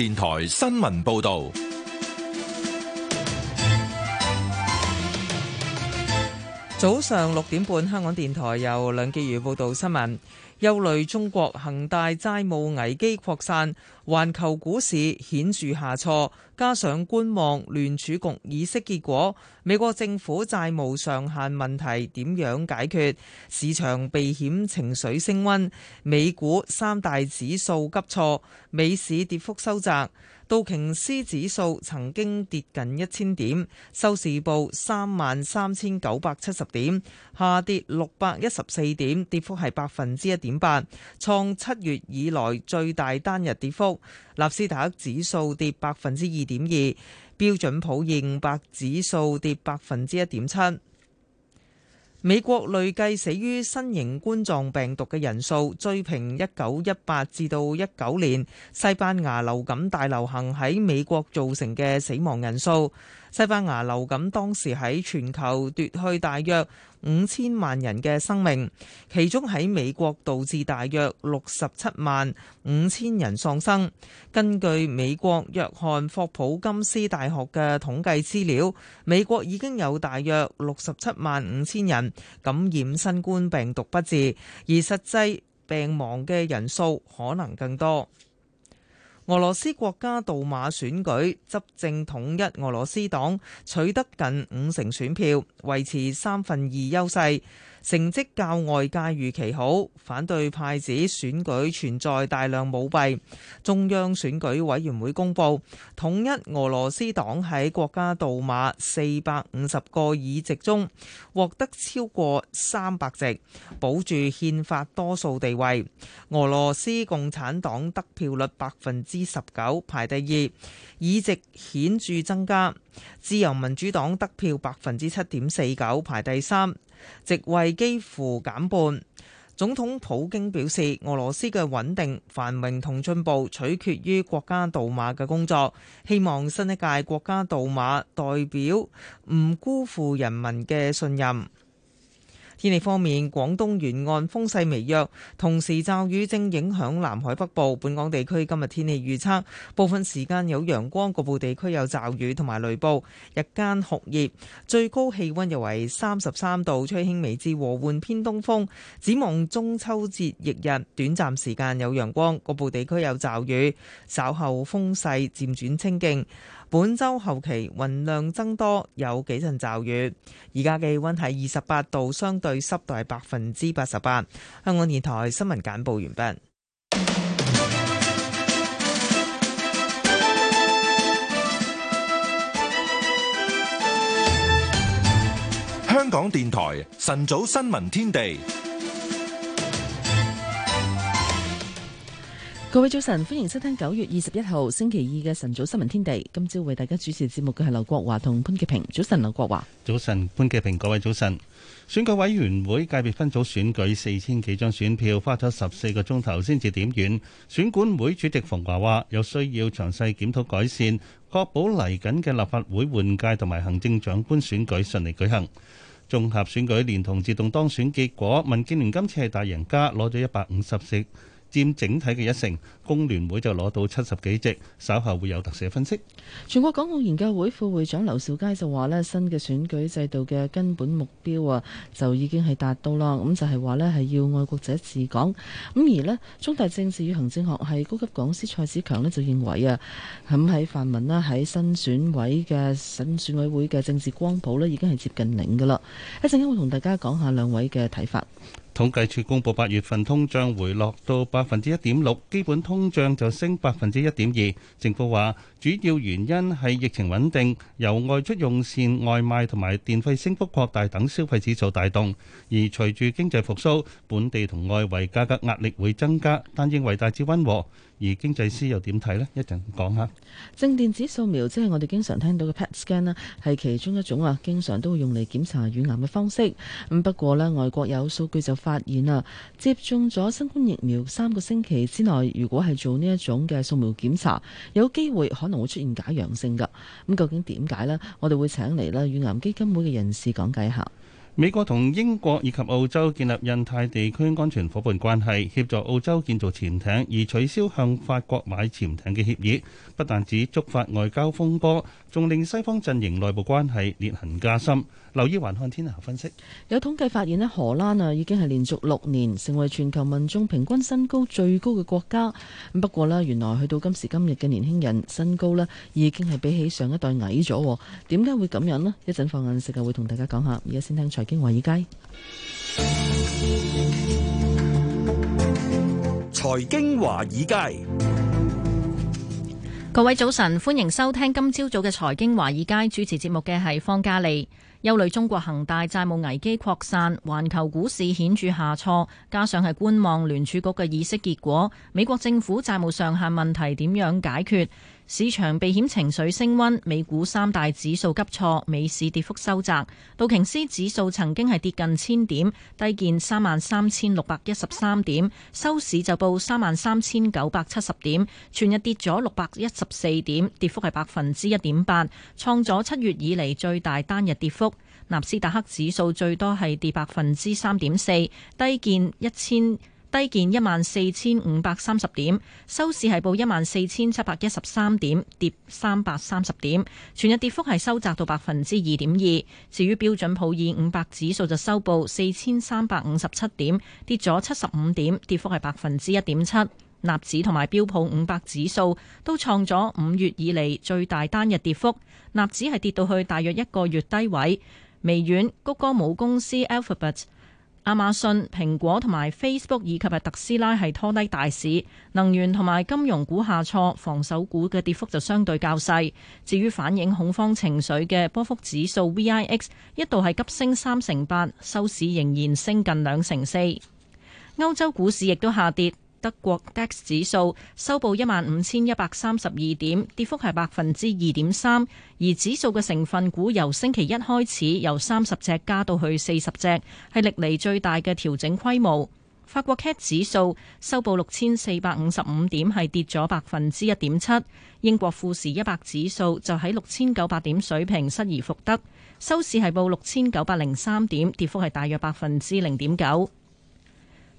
電台新聞報道。早上六點半，香港電台由梁潔儀報道新聞。憂慮中國恒大債務危機擴散，環球股市顯著下挫，加上觀望聯儲局議息結果，美國政府債務上限問題點樣解決，市場避險情緒升溫，美股三大指數急挫，美市跌幅收窄。道瓊斯指數曾經跌近一千點，收市報三萬三千九百七十點，下跌六百一十四點，跌幅係百分之一點八，創七月以來最大單日跌幅。納斯達克指數跌百分之二點二，標準普爾五百指數跌百分之一點七。美國累計死於新型冠狀病毒嘅人數，追平一九一八至到一九年西班牙流感大流行喺美國造成嘅死亡人數。西班牙流感當時喺全球奪去大約五千萬人嘅生命，其中喺美國導致大約六十七萬五千人喪生。根據美國約翰霍普金斯大學嘅統計資料，美國已經有大約六十七萬五千人感染新冠病毒不治，而實際病亡嘅人數可能更多。俄羅斯國家杜馬選舉，執政統一俄羅斯黨取得近五成選票，維持三分二優勢。成績較外界預期好，反對派指選舉存在大量舞弊。中央選舉委員會公佈，統一俄羅斯黨喺國家杜馬四百五十個議席中獲得超過三百席，保住憲法多數地位。俄羅斯共產黨得票率百分之十九，排第二，議席顯著增加。自由民主黨得票百分之七點四九，排第三。席位幾乎減半。總統普京表示，俄羅斯嘅穩定、繁榮同進步取決於國家杜馬嘅工作，希望新一屆國家杜馬代表唔辜負人民嘅信任。天氣方面，廣東沿岸風勢微弱，同時驟雨正影響南海北部。本港地區今日天氣預測，部分時間有陽光，局部地區有驟雨同埋雷暴，日間酷熱，最高氣溫又為三十三度，吹輕微至和緩偏東風。展望中秋節翌日，短暫時間有陽光，局部地區有驟雨，稍後風勢漸轉清勁。本周後期雲量增多，有幾陣驟雨。而家氣溫係二十八度，相對濕度係百分之八十八。香港電台新聞簡報完畢。香港電台晨早新聞天地。各位早晨，歡迎收聽九月二十一號星期二嘅晨早新聞天地。今朝為大家主持節目嘅係劉國華同潘潔平。早晨，劉國華。早晨，潘潔平。各位早晨。選舉委員會界別分組選舉四千幾張選票，花咗十四個鐘頭先至點完。選管會主席馮華話，有需要詳細檢討改善，確保嚟緊嘅立法會換屆同埋行政長官選舉順利舉行。綜合選舉連同自動當選結果，民建聯今次係大贏家，攞咗一百五十席。佔整體嘅一成，工聯會就攞到七十幾席，稍後會有特寫分析。全國港澳研究會副會長劉兆佳就話咧，新嘅選舉制度嘅根本目標啊，就已經係達到啦。咁就係話呢係要愛國者治港。咁而呢，中大政治與行政學系高級講師蔡子強呢，就認為啊，咁喺泛民啦喺新選委嘅新選委會嘅政治光譜呢，已經係接近零噶啦。一陣間會同大家講下兩位嘅睇法。統計處公布八月份通脹回落到百分之一點六，基本通脹就升百分之一點二。政府話主要原因係疫情穩定，由外出用膳、外賣同埋電費升幅擴大等消費指數帶動。而隨住經濟復甦，本地同外圍價格壓力會增加，但認為大致溫和。而經濟師又點睇呢？一陣講下。正電子掃描即係我哋經常聽到嘅 PET scan 呢係其中一種啊，經常都會用嚟檢查乳癌嘅方式。咁不過呢，外國有數據就發現啊，接種咗新冠疫苗三個星期之內，如果係做呢一種嘅掃描檢查，有機會可能會出現假陽性㗎。咁究竟點解呢？我哋會請嚟啦，乳癌基金會嘅人士講解下。美國同英國以及澳洲建立印太地區安全夥伴關係，協助澳洲建造潛艇，而取消向法國買潛艇嘅協議，不但止觸發外交風波，仲令西方陣營內部關係裂痕加深。留意環看天下分析，有統計發現咧，荷蘭啊已經係連續六年成為全球民眾平均身高最高嘅國家。咁不過咧，原來去到今時今日嘅年輕人身高咧，已經係比起上一代矮咗。點解會咁樣咧？一陣放眼世界，會同大家講下。而家先聽財經華爾街，財經華爾街。各位早晨，歡迎收聽今朝早嘅財經華爾街，主持節目嘅係方嘉利。憂慮中國恒大債務危機擴散，環球股市顯著下挫，加上係觀望聯儲局嘅議息結果，美國政府債務上限問題點樣解決？市場避險情緒升溫，美股三大指數急挫，美市跌幅收窄。道瓊斯指數曾經係跌近千點，低見三萬三千六百一十三點，收市就報三萬三千九百七十點，全日跌咗六百一十四點，跌幅係百分之一點八，創咗七月以嚟最大單日跌幅。納斯達克指數最多係跌百分之三點四，低見一千。低見一萬四千五百三十點，收市係報一萬四千七百一十三點，跌三百三十點，全日跌幅係收窄到百分之二點二。至於標準普爾五百指數就收報四千三百五十七點，跌咗七十五點，跌幅係百分之一點七。納指同埋標普五百指數都創咗五月以嚟最大單日跌幅，納指係跌到去大約一個月低位。微軟、谷歌母公司 Alphabet。亞馬遜、蘋果同埋 Facebook 以及係特斯拉係拖低大市，能源同埋金融股下挫，防守股嘅跌幅就相對較細。至於反映恐慌情緒嘅波幅指數 VIX 一度係急升三成八，收市仍然升近兩成四。歐洲股市亦都下跌。德國 DAX 指數收報一萬五千一百三十二點，跌幅係百分之二點三。而指數嘅成分股由星期一開始由三十隻加到去四十隻，係歷嚟最大嘅調整規模。法國 CAC 指數收報六千四百五十五點，係跌咗百分之一點七。英國富時一百指數就喺六千九百點水平失而復得，收市係報六千九百零三點，跌幅係大約百分之零點九。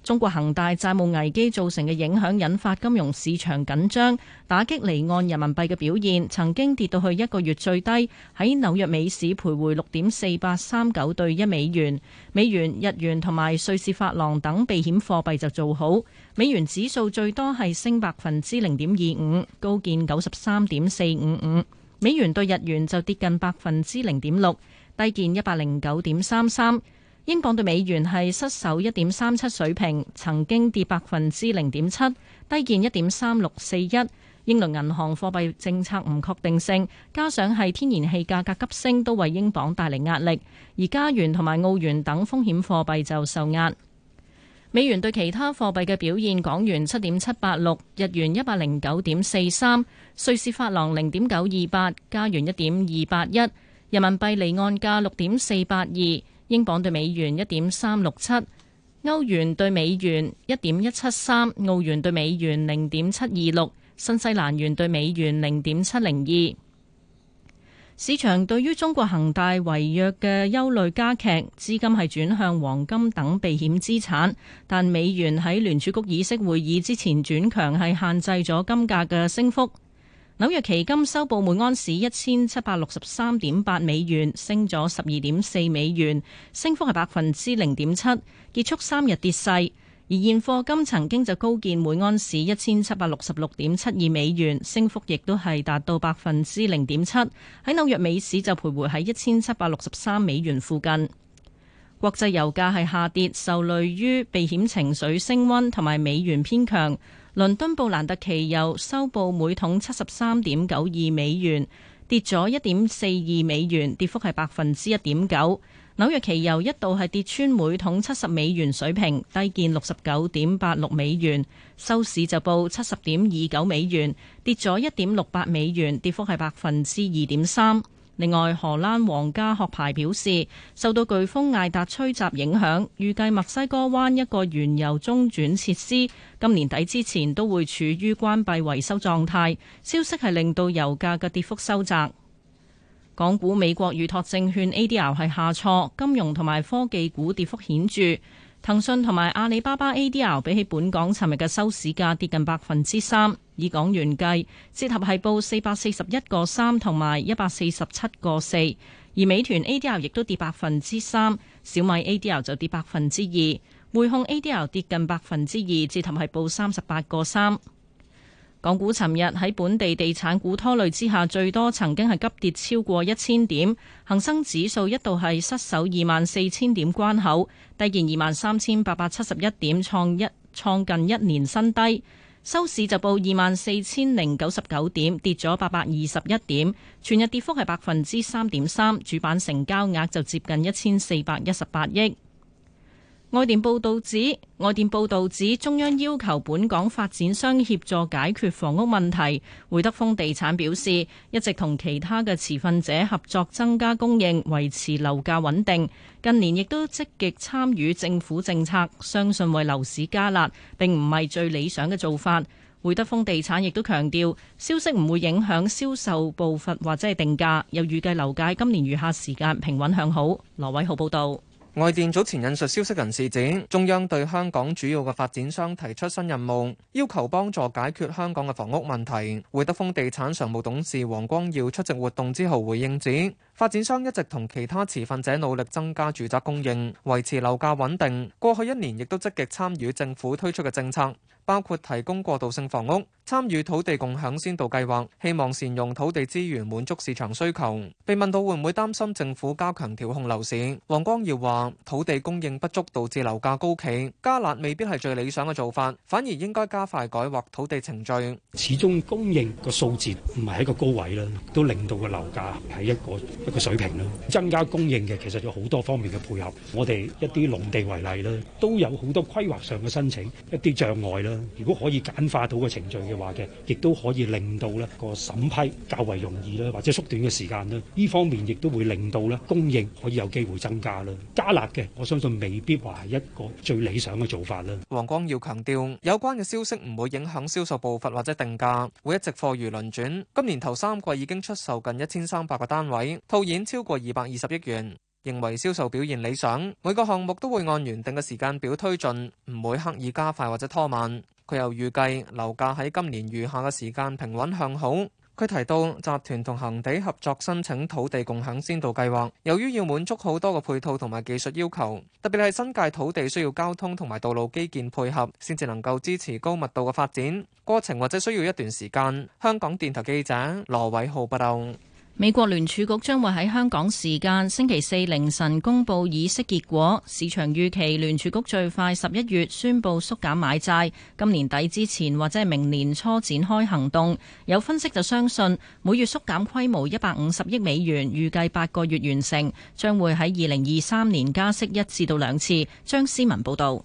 中國恒大債務危機造成嘅影響，引發金融市場緊張，打擊離岸人民幣嘅表現，曾經跌到去一個月最低，喺紐約美市徘徊六點四八三九對一美元。美元、日元同埋瑞士法郎等避險貨幣就做好，美元指數最多係升百分之零點二五，高見九十三點四五五。美元對日元就跌近百分之零點六，低見一百零九點三三。英鎊兌美元係失守一點三七水平，曾經跌百分之零點七，低見一點三六四一。英倫銀行貨幣政策唔確定性，加上係天然氣價格急升，都為英鎊帶嚟壓力。而加元同埋澳元等風險貨幣就受壓。美元對其他貨幣嘅表現，港元七點七八六，日元一百零九點四三，瑞士法郎零點九二八，加元一點二八一，人民幣離岸價六點四八二。英鎊兌美元一點三六七，歐元兌美元一點一七三，澳元兌美元零點七二六，新西蘭元兌美元零點七零二。市場對於中國恒大違約嘅憂慮加劇，資金係轉向黃金等避險資產，但美元喺聯儲局議息會議之前轉強，係限制咗金價嘅升幅。紐約期金收報每安士一千七百六十三點八美元，升咗十二點四美元，升幅係百分之零點七，結束三日跌勢。而現貨金曾經就高見每安士一千七百六十六點七二美元，升幅亦都係達到百分之零點七，喺紐約美市就徘徊喺一千七百六十三美元附近。國際油價係下跌，受累於避險情緒升溫同埋美元偏強。倫敦布蘭特期油收報每桶七十三點九二美元，跌咗一點四二美元，跌幅係百分之一點九。紐約期油一度係跌穿每桶七十美元水平，低見六十九點八六美元，收市就報七十點二九美元，跌咗一點六八美元，跌幅係百分之二點三。另外，荷蘭皇家學牌表示，受到颶風艾達吹襲影響，預計墨西哥灣一個原油中轉設施今年底之前都會處於關閉維修狀態。消息係令到油價嘅跌幅收窄。港股美國預託證券 ADR 係下挫，金融同埋科技股跌幅顯著。騰訊同埋阿里巴巴 ADR 比起本港尋日嘅收市價跌近百分之三，以港元計，折合係報四百四十一個三同埋一百四十七個四。而美團 ADR 亦都跌百分之三，小米 ADR 就跌百分之二，匯控 ADR 跌近百分之二，折合係報三十八個三。港股尋日喺本地地產股拖累之下，最多曾經係急跌超過一千點，恒生指數一度係失守二萬四千點關口，低見二萬三千八百七十一點，創一創近一年新低。收市就報二萬四千零九十九點，跌咗八百二十一點，全日跌幅係百分之三點三，主板成交額就接近一千四百一十八億。外電報道指，外電報導指，中央要求本港發展商協助解決房屋問題，匯德豐地產表示，一直同其他嘅持份者合作增加供應，維持樓價穩定。近年亦都積極參與政府政策，相信為樓市加辣並唔係最理想嘅做法。匯德豐地產亦都強調，消息唔會影響銷售步伐或者係定價，又預計樓價今年餘下時間平穩向好。羅偉豪報道。外電早前引述消息人士指，中央對香港主要嘅發展商提出新任務，要求幫助解決香港嘅房屋問題。會德豐地產常務董事黃光耀出席活動之後，回應指。發展商一直同其他持份者努力增加住宅供應，維持樓價穩定。過去一年亦都積極參與政府推出嘅政策，包括提供過渡性房屋、參與土地共享先導計劃，希望善用土地資源滿足市場需求。被問到會唔會擔心政府加強調控樓市，黃光耀話：土地供應不足導致樓價高企，加辣未必係最理想嘅做法，反而應該加快改劃土地程序。始終供應個數字唔係一個高位啦，都令到個樓價喺一個個水平咯，增加供應嘅其實有好多方面嘅配合。我哋一啲農地為例啦，都有好多規劃上嘅申請一啲障礙啦。如果可以簡化到個程序嘅話嘅，亦都可以令到咧個審批較為容易啦，或者縮短嘅時間啦。呢方面亦都會令到咧供應可以有機會增加啦。加辣嘅，我相信未必話係一個最理想嘅做法啦。黃光耀強調，有關嘅消息唔會影響銷售步伐或者定價，會一直貨如輪轉。今年頭三季已經出售近一千三百個單位。演超過二百二十億元，認為銷售表現理想，每個項目都會按原定嘅時間表推進，唔會刻意加快或者拖慢。佢又預計樓價喺今年餘下嘅時間平穩向好。佢提到集團同恆地合作申請土地共享先導計劃，由於要滿足好多嘅配套同埋技術要求，特別係新界土地需要交通同埋道路基建配合，先至能夠支持高密度嘅發展過程，或者需要一段時間。香港電台記者羅偉浩報導。美國聯儲局將會喺香港時間星期四凌晨公布議息結果，市場預期聯儲局最快十一月宣布縮減買債，今年底之前或者係明年初展開行動。有分析就相信，每月縮減規模一百五十億美元，預計八個月完成，將會喺二零二三年加息一次到兩次。張思文報道。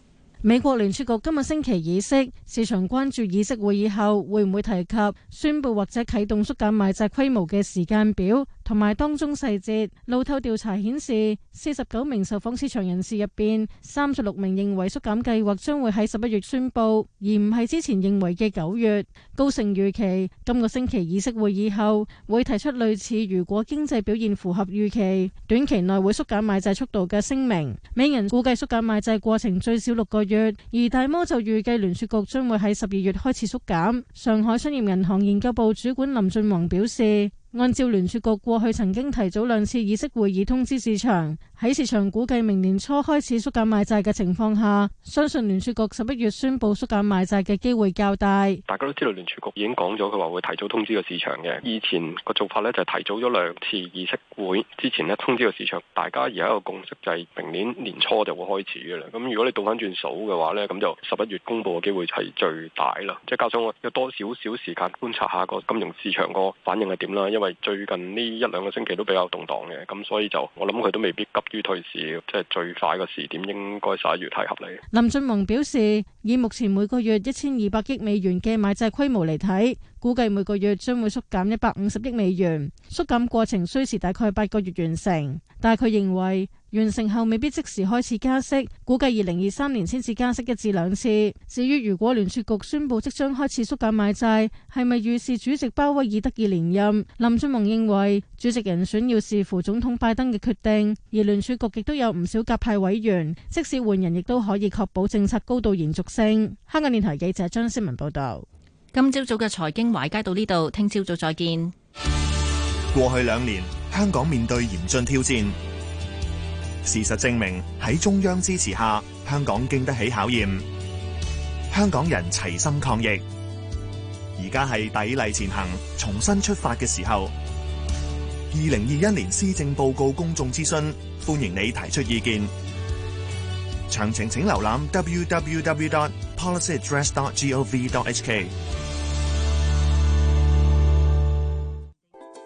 美國聯儲局今日星期議息，市場關注議息會議後會唔會提及宣布或者啟動縮減買債規模嘅時間表。同埋當中細節，路透調查顯示，四十九名受訪市場人士入邊，三十六名認為縮減計劃將會喺十一月宣布，而唔係之前認為嘅九月。高盛預期今個星期議息會議後，會提出類似如果經濟表現符合預期，短期內會縮減買債速度嘅聲明。美銀估計縮減買債過程最少六個月，而大摩就預計聯儲局將會喺十二月開始縮減。上海商業銀行研究部主管林俊宏表示，按照聯儲局過去曾經提早兩次議息會議通知市場。喺市場估計明年初開始縮減買債嘅情況下，相信聯儲局十一月宣布縮減買債嘅機會較大。大家都知道聯儲局已經講咗，佢話會提早通知個市場嘅。以前個做法咧就提早咗兩次議息會之前咧通知個市場，大家而家個共識就係明年年初就會開始噶啦。咁如果你倒翻轉數嘅話咧，咁就十一月公布嘅機會係最大啦。即係加上我有多少少時間觀察下個金融市場個反應係點啦，因為最近呢一兩個星期都比較動蕩嘅，咁所以就我諗佢都未必急。於退市，即係最快嘅時點，應該十一月係合理。林俊宏表示，以目前每個月一千二百億美元嘅買債規模嚟睇，估計每個月將會縮減一百五十億美元，縮減過程需時大概八個月完成。但係佢認為，完成後未必即時開始加息，估計二零二三年先至加息一至兩次。至於如果聯儲局宣布即將開始縮減買債，係咪預示主席鮑威爾得以連任？林俊雄認為主席人選要視乎總統拜登嘅決定，而聯儲局亦都有唔少鴿派委員，即使換人亦都可以確保政策高度延續性。香港電台記者張思文報道。今朝早嘅財經街街到呢度，聽朝早,早再見。過去兩年，香港面對嚴峻挑戰。事實證明，喺中央支持下，香港經得起考驗。香港人齊心抗疫，而家係砥礪前行、重新出發嘅時候。二零二一年施政報告公眾諮詢，歡迎你提出意見。詳情請瀏覽 www.policyaddress.gov.hk。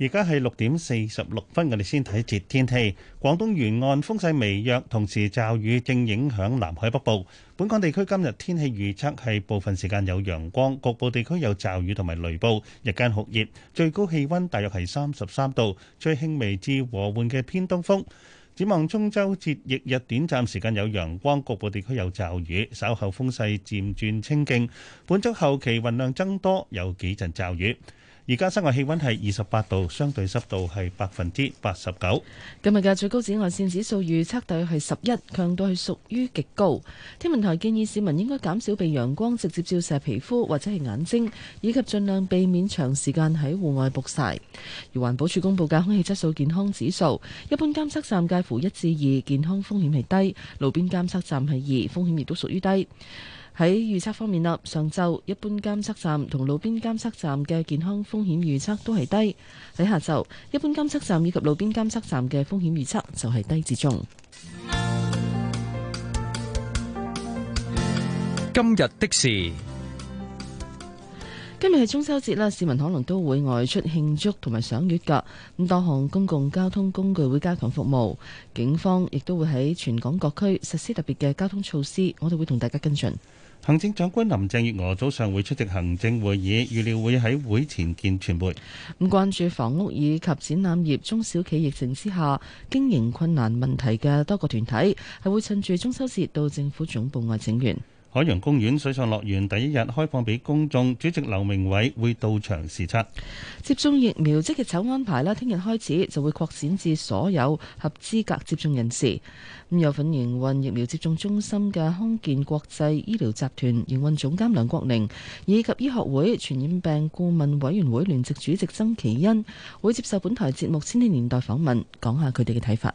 而家係六點四十六分，我哋先睇一節天氣。廣東沿岸風勢微弱，同時驟雨正影響南海北部。本港地區今日天氣預測係部分時間有陽光，局部地區有驟雨同埋雷暴，日間酷熱，最高氣溫大約係三十三度。最輕微至和緩嘅偏東風。展望中秋節翌日短暫時間有陽光，局部地區有驟雨，稍後風勢漸轉清勁。本周後期雲量增多，有幾陣驟雨。而家室外氣溫係二十八度，相對濕度係百分之八十九。今日嘅最高紫外線指數預測大約係十一，強度係屬於極高。天文台建議市民應該減少被陽光直接照射皮膚或者係眼睛，以及盡量避免長時間喺戶外曝曬。而環保署公布嘅空氣質素健康指數，一般監測站介乎一至二，健康風險係低；路邊監測站係二，風險亦都屬於低。喺預測方面啦，上晝一般監測站同路邊監測站嘅健康風險預測都係低。喺下晝，一般監測站以及路邊監測站嘅風險預測就係低至中。今日的事，今日係中秋節啦，市民可能都會外出慶祝同埋賞月㗎。咁多項公共交通工具會加強服務，警方亦都會喺全港各區實施特別嘅交通措施。我哋會同大家跟進。行政長官林鄭月娥早上會出席行政會議，預料會喺會前見傳媒。咁關注房屋以及展覽業中小企業疫情之下經營困難問題嘅多個團體，係會趁住中秋節到政府總部外請願。海洋公園水上樂園第一日開放俾公眾，主席劉明偉會到場視察。接種疫苗即日籌安排啦，聽日開始就會擴展至所有合資格接種人士。有份營運疫苗接種中心嘅康健國際醫療集團營運總監梁國寧，以及醫學會傳染病顧問委員會聯席主席曾其恩，會接受本台節目《千禧年代》訪問，講下佢哋嘅睇法。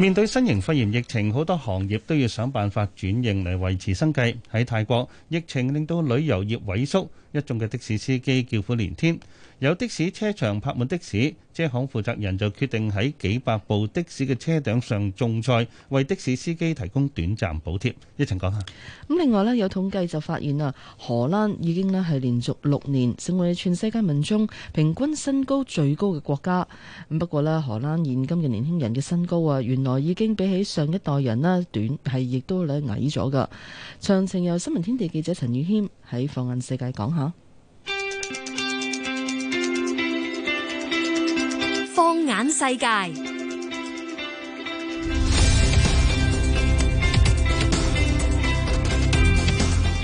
面對新型肺炎疫情，好多行業都要想辦法轉型嚟維持生計。喺泰國，疫情令到旅遊業萎縮，一眾嘅的士司機叫苦連天。有的士車場泊滿的士，車行負責人就決定喺幾百部的士嘅車頂上種菜，為的士司機提供短暫補貼。一陣講下。咁另外咧，有統計就發現啊，荷蘭已經咧係連續六年成為全世界民眾平均身高最高嘅國家。咁不過咧，荷蘭現今嘅年輕人嘅身高啊，原來已經比起上一代人咧短，係亦都咧矮咗㗎。詳情由新聞天地記者陳宇謙喺放眼世界講下。放眼世界，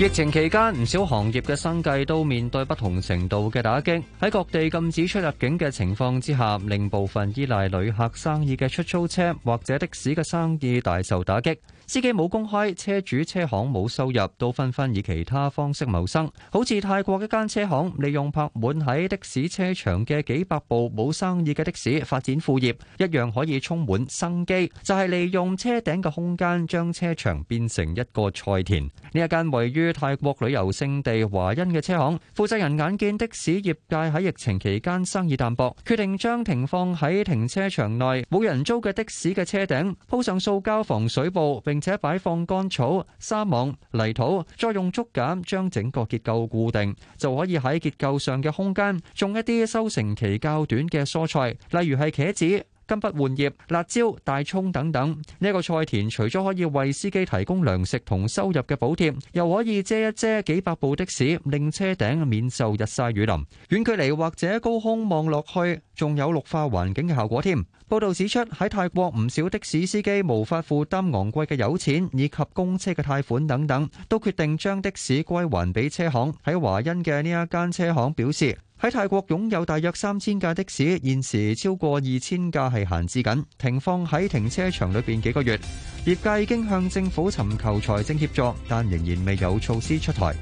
疫情期間唔少行業嘅生計都面對不同程度嘅打擊。喺各地禁止出入境嘅情況之下，令部分依賴旅客生意嘅出租車或者的士嘅生意大受打擊。司機冇工開，車主車行冇收入，都紛紛以其他方式謀生。好似泰國一間車行，利用泊滿喺的士車場嘅幾百部冇生意嘅的，的士，發展副業，一樣可以充滿生機。就係、是、利用車頂嘅空間，將車場變成一個菜田。呢一間位於泰國旅遊勝地華欣嘅車行，負責人眼見的士業界喺疫情期間生意淡薄，決定將停放喺停車場內冇人租嘅的，的士嘅車頂鋪上塑膠防水布，並且擺放乾草、沙網、泥土，再用竹簡將整個結構固定，就可以喺結構上嘅空間種一啲收成期較短嘅蔬菜，例如係茄子、金不換葉、辣椒、大蔥等等，呢一個菜田除咗可以為司機提供糧食同收入嘅補貼，又可以遮一遮幾百部的士，令車頂免受日曬雨淋。遠距離或者高空望落去，仲有綠化環境嘅效果添。報道指出，喺泰國唔少的士司機無法負擔昂貴嘅油錢以及公車嘅貸款等等，都決定將的士歸還俾車行。喺華欣嘅呢一間車行表示。喺泰國擁有大約三千架的士，現時超過二千架係閒置緊，停放喺停車場裏邊幾個月。業界已經向政府尋求財政協助，但仍然未有措施出台。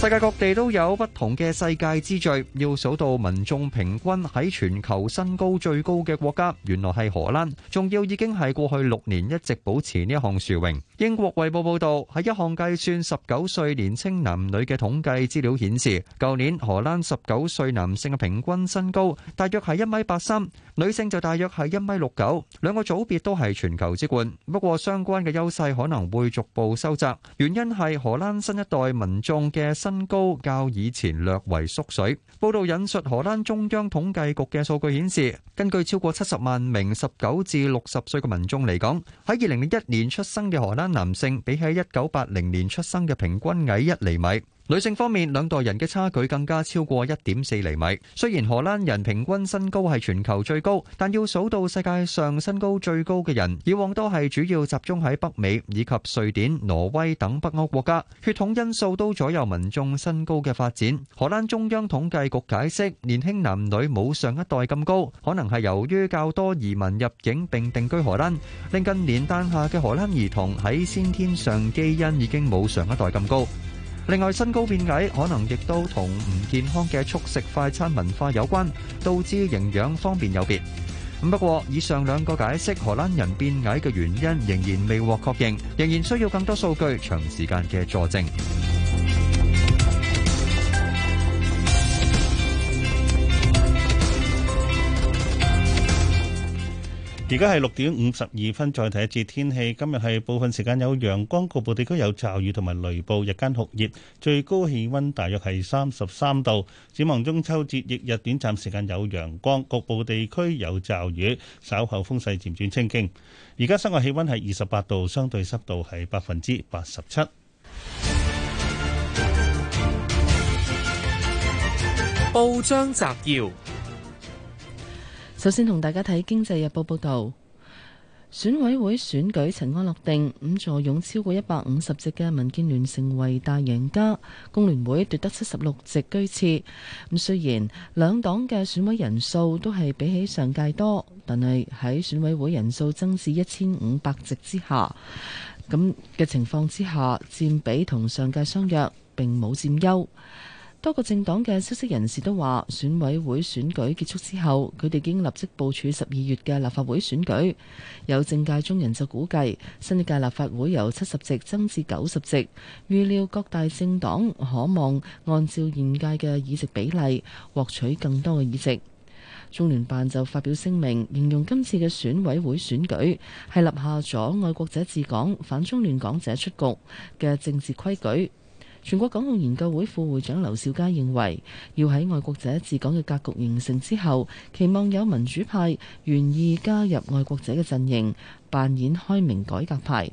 世界各地都有不同嘅世界之最，要數到民眾平均喺全球身高最高嘅國家，原來係荷蘭，仲要已經係過去六年一直保持呢一項殊榮。英國衛報報道，喺一項計算十九歲年青男女嘅統計資料顯示，舊年荷蘭十九歲男性嘅平均身高大約係一米八三，女性就大約係一米六九兩個組別都係全球之冠。不過相關嘅優勢可能會逐步收窄，原因係荷蘭新一代民眾嘅身高較以前略為縮水。報道引述荷蘭中央統計局嘅數據顯示，根據超過七十萬名十九至六十歲嘅民眾嚟講，喺二零零一年出生嘅荷蘭男性比起一九八零年出生嘅平均矮一厘米。女性方面，兩代人嘅差距更加超過一點四厘米。雖然荷蘭人平均身高係全球最高，但要數到世界上身高最高嘅人，以往都係主要集中喺北美以及瑞典、挪威等北歐國家。血統因素都左右民眾身高嘅發展。荷蘭中央統計局解釋，年輕男女冇上一代咁高，可能係由於較多移民入境并定居荷蘭，令近年誕下嘅荷蘭兒童喺先天上基因已經冇上一代咁高。1 4另外，身高變矮可能亦都同唔健康嘅速食快餐文化有關，導致營養方面有別。不過，以上兩個解釋荷蘭人變矮嘅原因仍然未獲確認，仍然需要更多數據長時間嘅佐證。而家係六點五十二分，再睇一次天氣。今日係部分時間有陽光，局部地區有驟雨同埋雷暴，日間酷熱，最高氣溫大約係三十三度。展望中秋節翌日短暫時間有陽光，局部地區有驟雨，稍後風勢漸轉清勁。而家室外氣溫係二十八度，相對濕度係百分之八十七。報章摘要。首先同大家睇《經濟日報》報導，選委會選舉塵埃落定，咁坐擁超過一百五十席嘅民建聯成為大贏家，工聯會奪得七十六席居次。咁雖然兩黨嘅選委人數都係比起上屆多，但係喺選委會人數增至一千五百席之下，咁嘅情況之下，佔比同上屆相若，並冇佔優。多個政黨嘅消息人士都話，選委會選舉結束之後，佢哋已經立即部署十二月嘅立法會選舉。有政界中人就估計，新一屆立法會由七十席增至九十席，預料各大政黨可望按照現屆嘅議席比例獲取更多嘅議席。中聯辦就發表聲明，形容今次嘅選委會選舉係立下咗愛國者治港、反中亂港者出局嘅政治規矩。全國港澳研究會副會長劉兆佳認為，要喺愛國者治港嘅格局形成之後，期望有民主派願意加入愛國者嘅陣營，扮演開明改革派。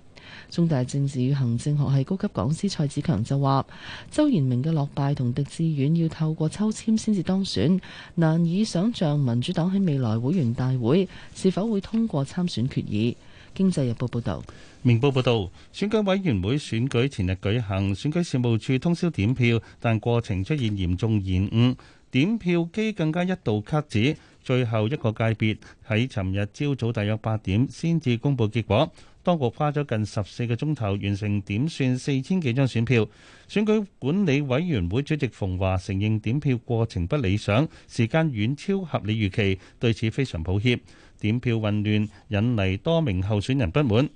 中大政治與行政學系高級講師蔡子強就話，周延明嘅落敗同狄志遠要透過抽籤先至當選，難以想像民主黨喺未來會員大會是否會通過參選決議。《經濟日報》報導，《明報》報導，選舉委員會選舉前日舉行，選舉事務處通宵點票，但過程出現嚴重延誤，點票機更加一度卡紙。最後一個界別喺尋日朝早大約八點先至公佈結果，當局花咗近十四個鐘頭完成點算四千幾張選票。選舉管理委員會主席馮華承認點票過程不理想，時間遠超合理預期，對此非常抱歉。點票混亂引嚟多名候選人不滿，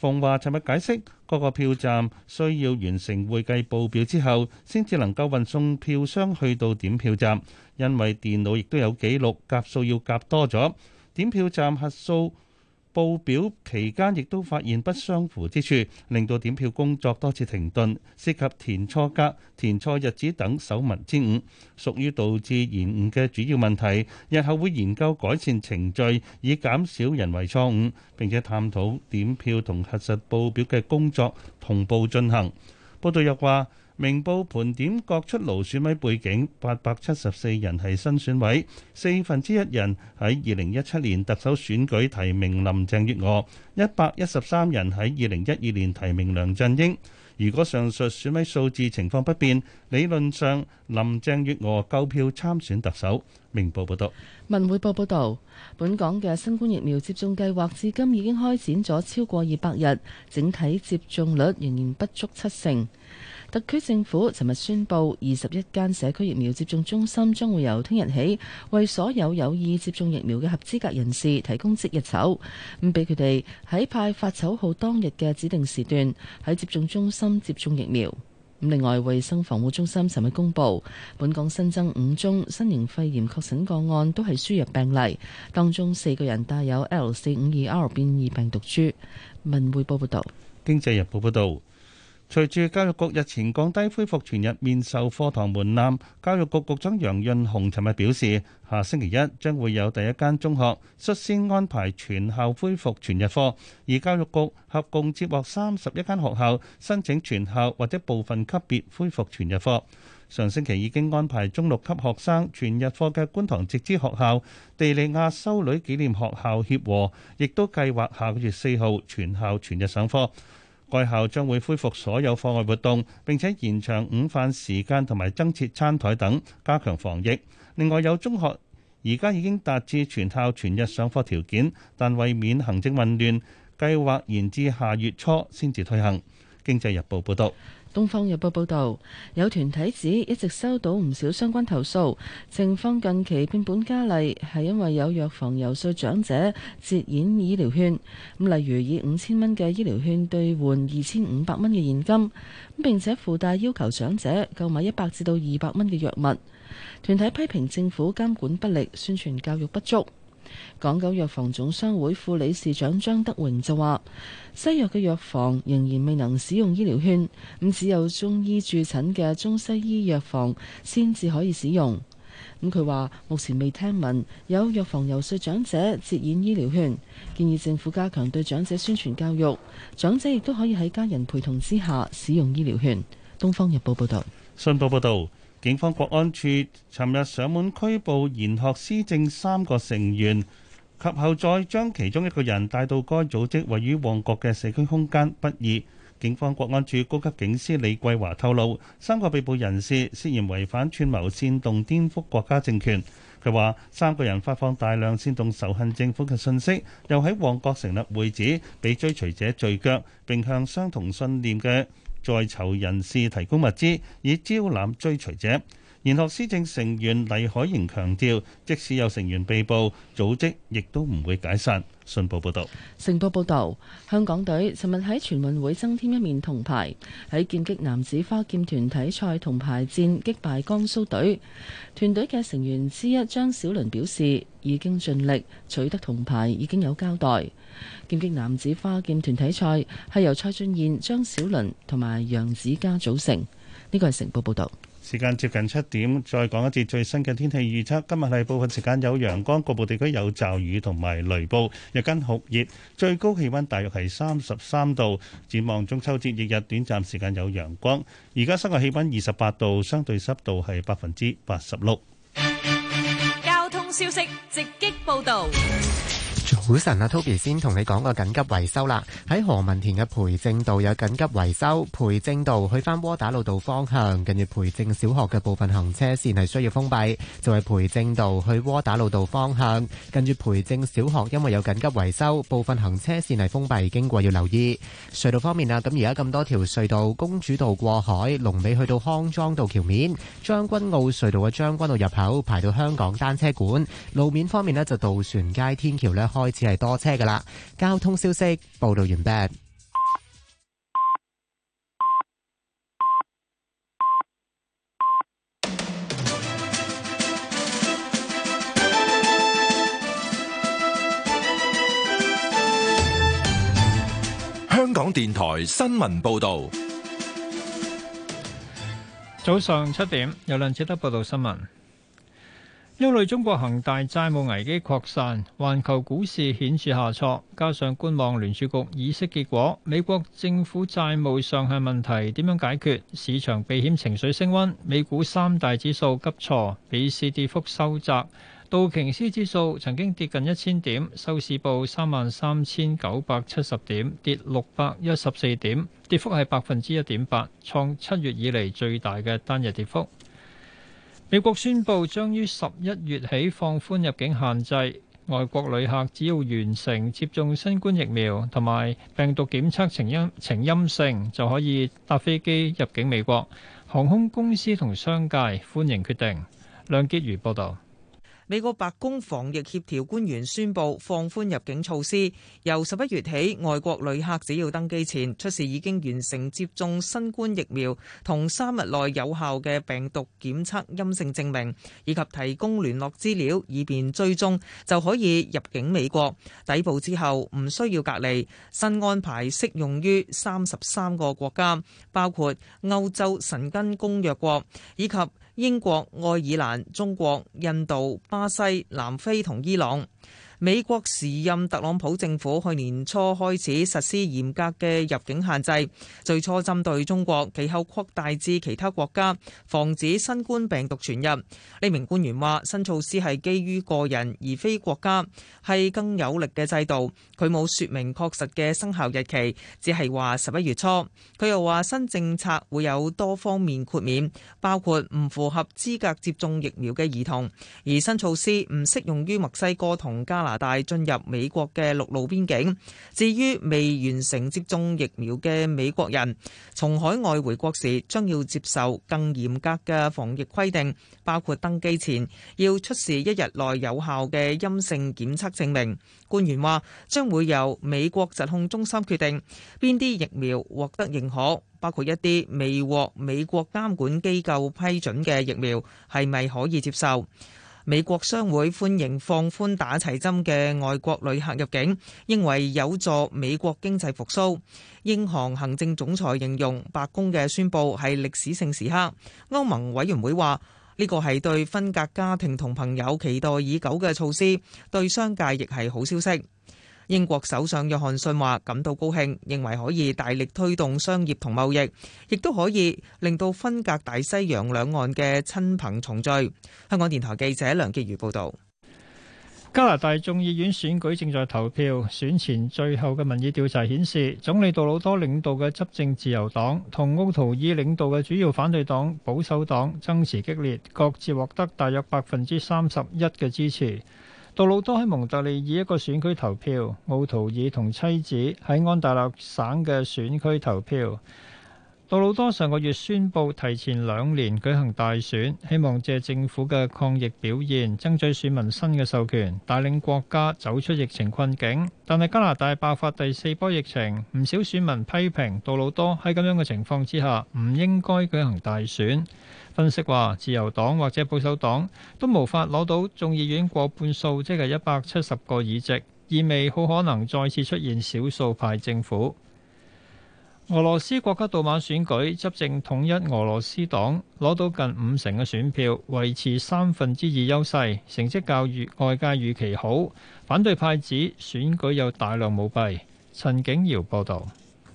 鳳華尋日解釋，各個票站需要完成會計報表之後，先至能夠運送票箱去到點票站，因為電腦亦都有記錄，夾數要夾多咗，點票站核數。報表期間亦都發現不相符之處，令到點票工作多次停頓，涉及填錯格、填錯日子等手民之誤，屬於導致延誤嘅主要問題。日後會研究改善程序，以減少人為錯誤，並且探討點票同核實報表嘅工作同步進行。報道又話：明報盤點各出爐選委背景，八百七十四人係新選委，四分之一人喺二零一七年特首選舉提名林鄭月娥，一百一十三人喺二零一二年提名梁振英。如果上述選委數字情況不變，理論上林鄭月娥夠票參選特首。明報報道。文匯報報道，本港嘅新冠疫苗接種計劃至今已經開展咗超過二百日，整體接種率仍然不足七成。特區政府尋日宣布，二十一間社區疫苗接種中心將會由聽日起，為所有有意接種疫苗嘅合資格人士提供即日籌，咁俾佢哋喺派發籌號當日嘅指定時段喺接種中心接種疫苗。咁另外，衛生防護中心尋日公布，本港新增五宗新型肺炎確診個案，都係輸入病例，當中四個人帶有 L 四五二 R 變異病毒株。文匯報報道，《經濟日報》報道。隨住教育局日前降低恢復全日面授課堂門檻，教育局局長楊潤雄尋日表示，下星期一將會有第一間中學率先安排全校恢復全日課，而教育局合共接獲三十一間學校申請全校或者部分級別恢復全日課。上星期已經安排中六級學生全日課嘅觀塘直資學校，地利亞修女紀念學校協和，亦都計劃下個月四號全校全日上課。該校將會恢復所有課外活動，並且延長午飯時間同埋增設餐枱等，加強防疫。另外有中學而家已經達至全校全日上課條件，但為免行政混亂，計劃延至下月初先至推行。經濟日報報導。《東方日報》報導，有團體指一直收到唔少相關投訴，情況近期變本加厲，係因為有藥房遊說長者折現醫療券。咁例如以五千蚊嘅醫療券兌換二千五百蚊嘅現金，咁並且附帶要求長者購買一百至到二百蚊嘅藥物。團體批評政府監管不力，宣傳教育不足。港九藥房總商會副理事長張德榮就話：西藥嘅藥房仍然未能使用醫療券，咁只有中醫駐診嘅中西醫藥房先至可以使用。咁佢話目前未聽聞有藥房遊說長者折現醫療券，建議政府加強對長者宣傳教育，長者亦都可以喺家人陪同之下使用醫療券。東方日報報道，新報報道。警方國安處尋日上門拘捕賢學思政三個成員，及後再將其中一個人帶到該組織位於旺角嘅社區空間不二。警方國安處高級警司李桂華透露，三個被捕人士涉嫌違反串謀煽動顛覆國家政權。佢話三個人發放大量煽動仇恨政府嘅信息，又喺旺角成立會址，俾追隨者聚腳，並向相同信念嘅在囚人士提供物資以招攬追隨者。前學思政成員黎海瑩強調，即使有成員被捕，組織亦都唔會解散。信報報道：成報報道，香港隊尋日喺全運會增添一面銅牌，喺劍擊男子花劍團體賽銅牌戰擊敗江蘇隊。團隊嘅成員之一張小倫表示，已經盡力取得銅牌已經有交代。劍擊男子花劍團體賽係由蔡俊彥、張小倫同埋楊子嘉組成。呢個係成報報道。時間接近七點，再講一節最新嘅天氣預測。今日係部分時間有陽光，局部地區有驟雨同埋雷暴，日間酷熱，最高氣溫大約係三十三度。展望中秋節翌日短暫時間有陽光。而家室外氣溫二十八度，相對濕度係百分之八十六。交通消息，直擊報道。股神啊，Toby 先同你講個緊急維修啦。喺何文田嘅培正道有緊急維修，培正道去翻窩打老道方向，近住培正小學嘅部分行車線係需要封閉，就係培正道去窩打老道方向，近住培正小學，因為有緊急維修，部分行車線係封閉，經過要留意。隧道方面啊，咁而家咁多條隧道，公主道過海，龍尾去到康莊道橋面，將軍澳隧道嘅將軍澳入口排到香港單車館。路面方面咧，就渡船街天橋咧開。只係多車噶啦，交通消息報道完畢。香港電台新聞報道，早上七點有兩次得報道新聞。憂慮中國恒大債務危機擴散，環球股市顯著下挫。加上觀望聯儲局議息結果，美國政府債務上限問題點樣解決，市場避險情緒升溫，美股三大指數急挫，比市跌幅收窄。道瓊斯指數曾經跌近一千點，收市報三萬三千九百七十點，跌六百一十四點，跌幅係百分之一點八，創七月以嚟最大嘅單日跌幅。美國宣布將於十一月起放寬入境限制，外國旅客只要完成接種新冠疫苗同埋病毒檢測呈陰呈陰性，就可以搭飛機入境美國。航空公司同商界歡迎決定。梁潔如報導。美國白宮防疫協調官員宣布放寬入境措施，由十一月起，外國旅客只要登機前出示已經完成接種新冠疫苗同三日內有效嘅病毒檢測陰性證明，以及提供聯絡資料以便追蹤，就可以入境美國，抵埗之後唔需要隔離。新安排適用於三十三個國家，包括歐洲神根公約國以及英國、愛爾蘭、中國、印度、巴西、南非同伊朗。美國時任特朗普政府去年初開始實施嚴格嘅入境限制，最初針對中國，其後擴大至其他國家，防止新冠病毒傳入。呢名官員話新措施係基於個人，而非國家，係更有力嘅制度。佢冇說明確實嘅生效日期，只係話十一月初。佢又話新政策會有多方面豁免，包括唔符合資格接種疫苗嘅兒童，而新措施唔適用於墨西哥同加拿大大進入美國嘅陸路邊境。至於未完成接種疫苗嘅美國人，從海外回國時將要接受更嚴格嘅防疫規定，包括登機前要出示一日內有效嘅陰性檢測證明。官員話將會由美國疾控中心決定邊啲疫苗獲得認可，包括一啲未獲美國監管機構批准嘅疫苗，係咪可以接受。美國商會歡迎放寬打齊針嘅外國旅客入境，認為有助美國經濟復甦。英航行政總裁形容白宮嘅宣佈係歷史性時刻。歐盟委員會話呢個係對分隔家庭同朋友期待已久嘅措施，對商界亦係好消息。英國首相約翰遜話感到高興，認為可以大力推動商業同貿易，亦都可以令到分隔大西洋兩岸嘅親朋重聚。香港電台記者梁潔如報導。加拿大眾議院選舉正在投票，選前最後嘅民意調查顯示，總理杜魯多領導嘅執政自由黨同奧圖爾領導嘅主要反對黨保守黨爭持激烈，各自獲得大約百分之三十一嘅支持。杜魯多喺蒙特利爾一個選區投票，奧圖爾同妻子喺安大略省嘅選區投票。杜魯多上個月宣布提前兩年舉行大選，希望借政府嘅抗疫表現，爭取選民新嘅授權，帶領國家走出疫情困境。但係加拿大爆發第四波疫情，唔少選民批評杜魯多喺咁樣嘅情況之下，唔應該舉行大選。分析話，自由黨或者保守黨都無法攞到眾議院過半數，即係一百七十個議席，意味好可能再次出現少數派政府。俄羅斯國家杜馬選舉，執政統一俄羅斯黨攞到近五成嘅選票，維持三分之二優勢，成績較預外界預期好。反對派指選舉有大量舞弊。陳景堯報道。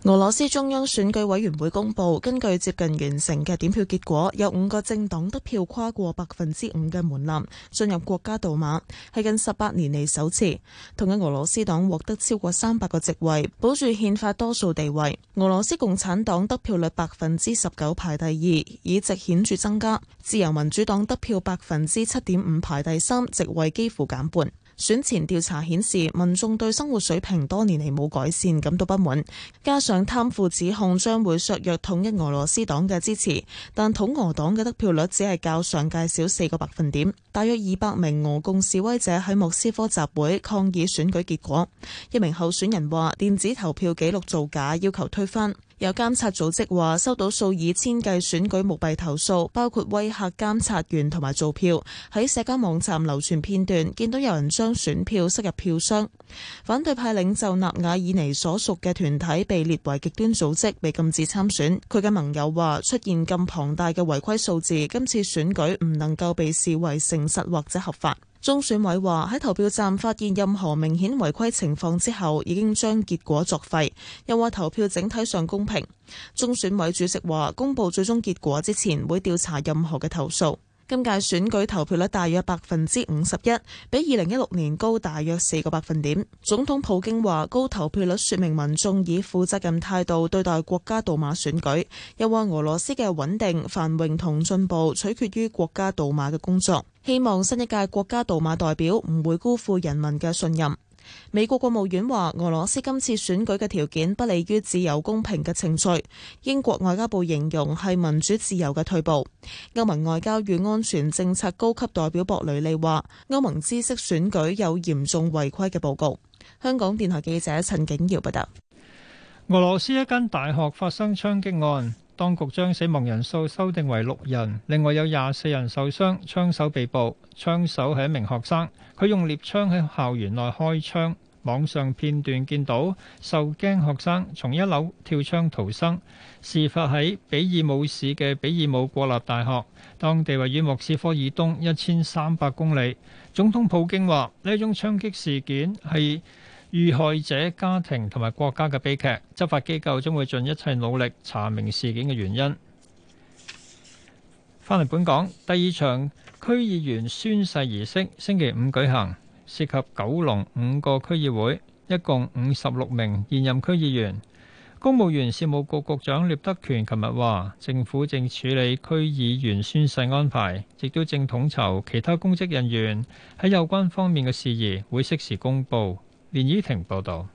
俄羅斯中央選舉委員會公布，根據接近完成嘅點票結果，有五個政黨得票跨過百分之五嘅門檻，進入國家杜馬，係近十八年嚟首次。統一俄羅斯黨獲得超過三百個席位，保住憲法多數地位。俄羅斯共產黨得票率百分之十九排第二，議席顯著增加。自由民主黨得票百分之七點五排第三，席位幾乎減半。選前調查顯示，民眾對生活水平多年嚟冇改善感到不滿，加上貪腐指控將會削弱統一俄羅斯黨嘅支持，但統俄黨嘅得票率只係較上屆少四個百分點。大約二百名俄共示威者喺莫斯科集會抗議選舉結果，一名候選人話電子投票記錄造假，要求推翻。有監察組織話收到數以千計選舉舞弊投訴，包括威嚇監察員同埋造票，喺社交網站流傳片段，見到有人將選票塞入票箱。反對派領袖納瓦爾尼所屬嘅團體被列為極端組織，被禁止參選。佢嘅盟友話出現咁龐大嘅違規數字，今次選舉唔能夠被視為誠實或者合法。中選委話，喺投票站發現任何明顯違規情況之後，已經將結果作廢。又話投票整體上公平。中選委主席話，公佈最終結果之前，會調查任何嘅投訴。今屆選舉投票率大約百分之五十一，比二零一六年高大約四個百分點。總統普京話：高投票率說明民眾以負責任態度對待國家杜馬選舉，又話俄羅斯嘅穩定、繁榮同進步取決於國家杜馬嘅工作。希望新一屆國家杜馬代表唔會辜負人民嘅信任。美國國務院話俄羅斯今次選舉嘅條件不利於自由公平嘅程序。英國外交部形容係民主自由嘅退步。歐盟外交與安全政策高級代表博雷利話，歐盟知識選舉有嚴重違規嘅報告。香港電台記者陳景耀報道。俄羅斯一間大學發生槍擊案。當局將死亡人數修訂為六人，另外有廿四人受傷，槍手被捕。槍手係一名學生，佢用獵槍喺校園內開槍。網上片段見到受驚學生從一樓跳窗逃生。事發喺比爾姆市嘅比爾姆國立大學，當地位於莫斯科以東一千三百公里。總統普京話：呢種槍擊事件係遇害者家庭同埋國家嘅悲劇，執法機構將會盡一切努力查明事件嘅原因。返嚟本港，第二場區議員宣誓儀式星期五舉行，涉及九龍五個區議會，一共五十六名現任區議員。公務員事務局局長聶德權琴日話，政府正處理區議員宣誓安排，亦都正統籌其他公職人員喺有關方面嘅事宜，會適時公佈。連依婷報道，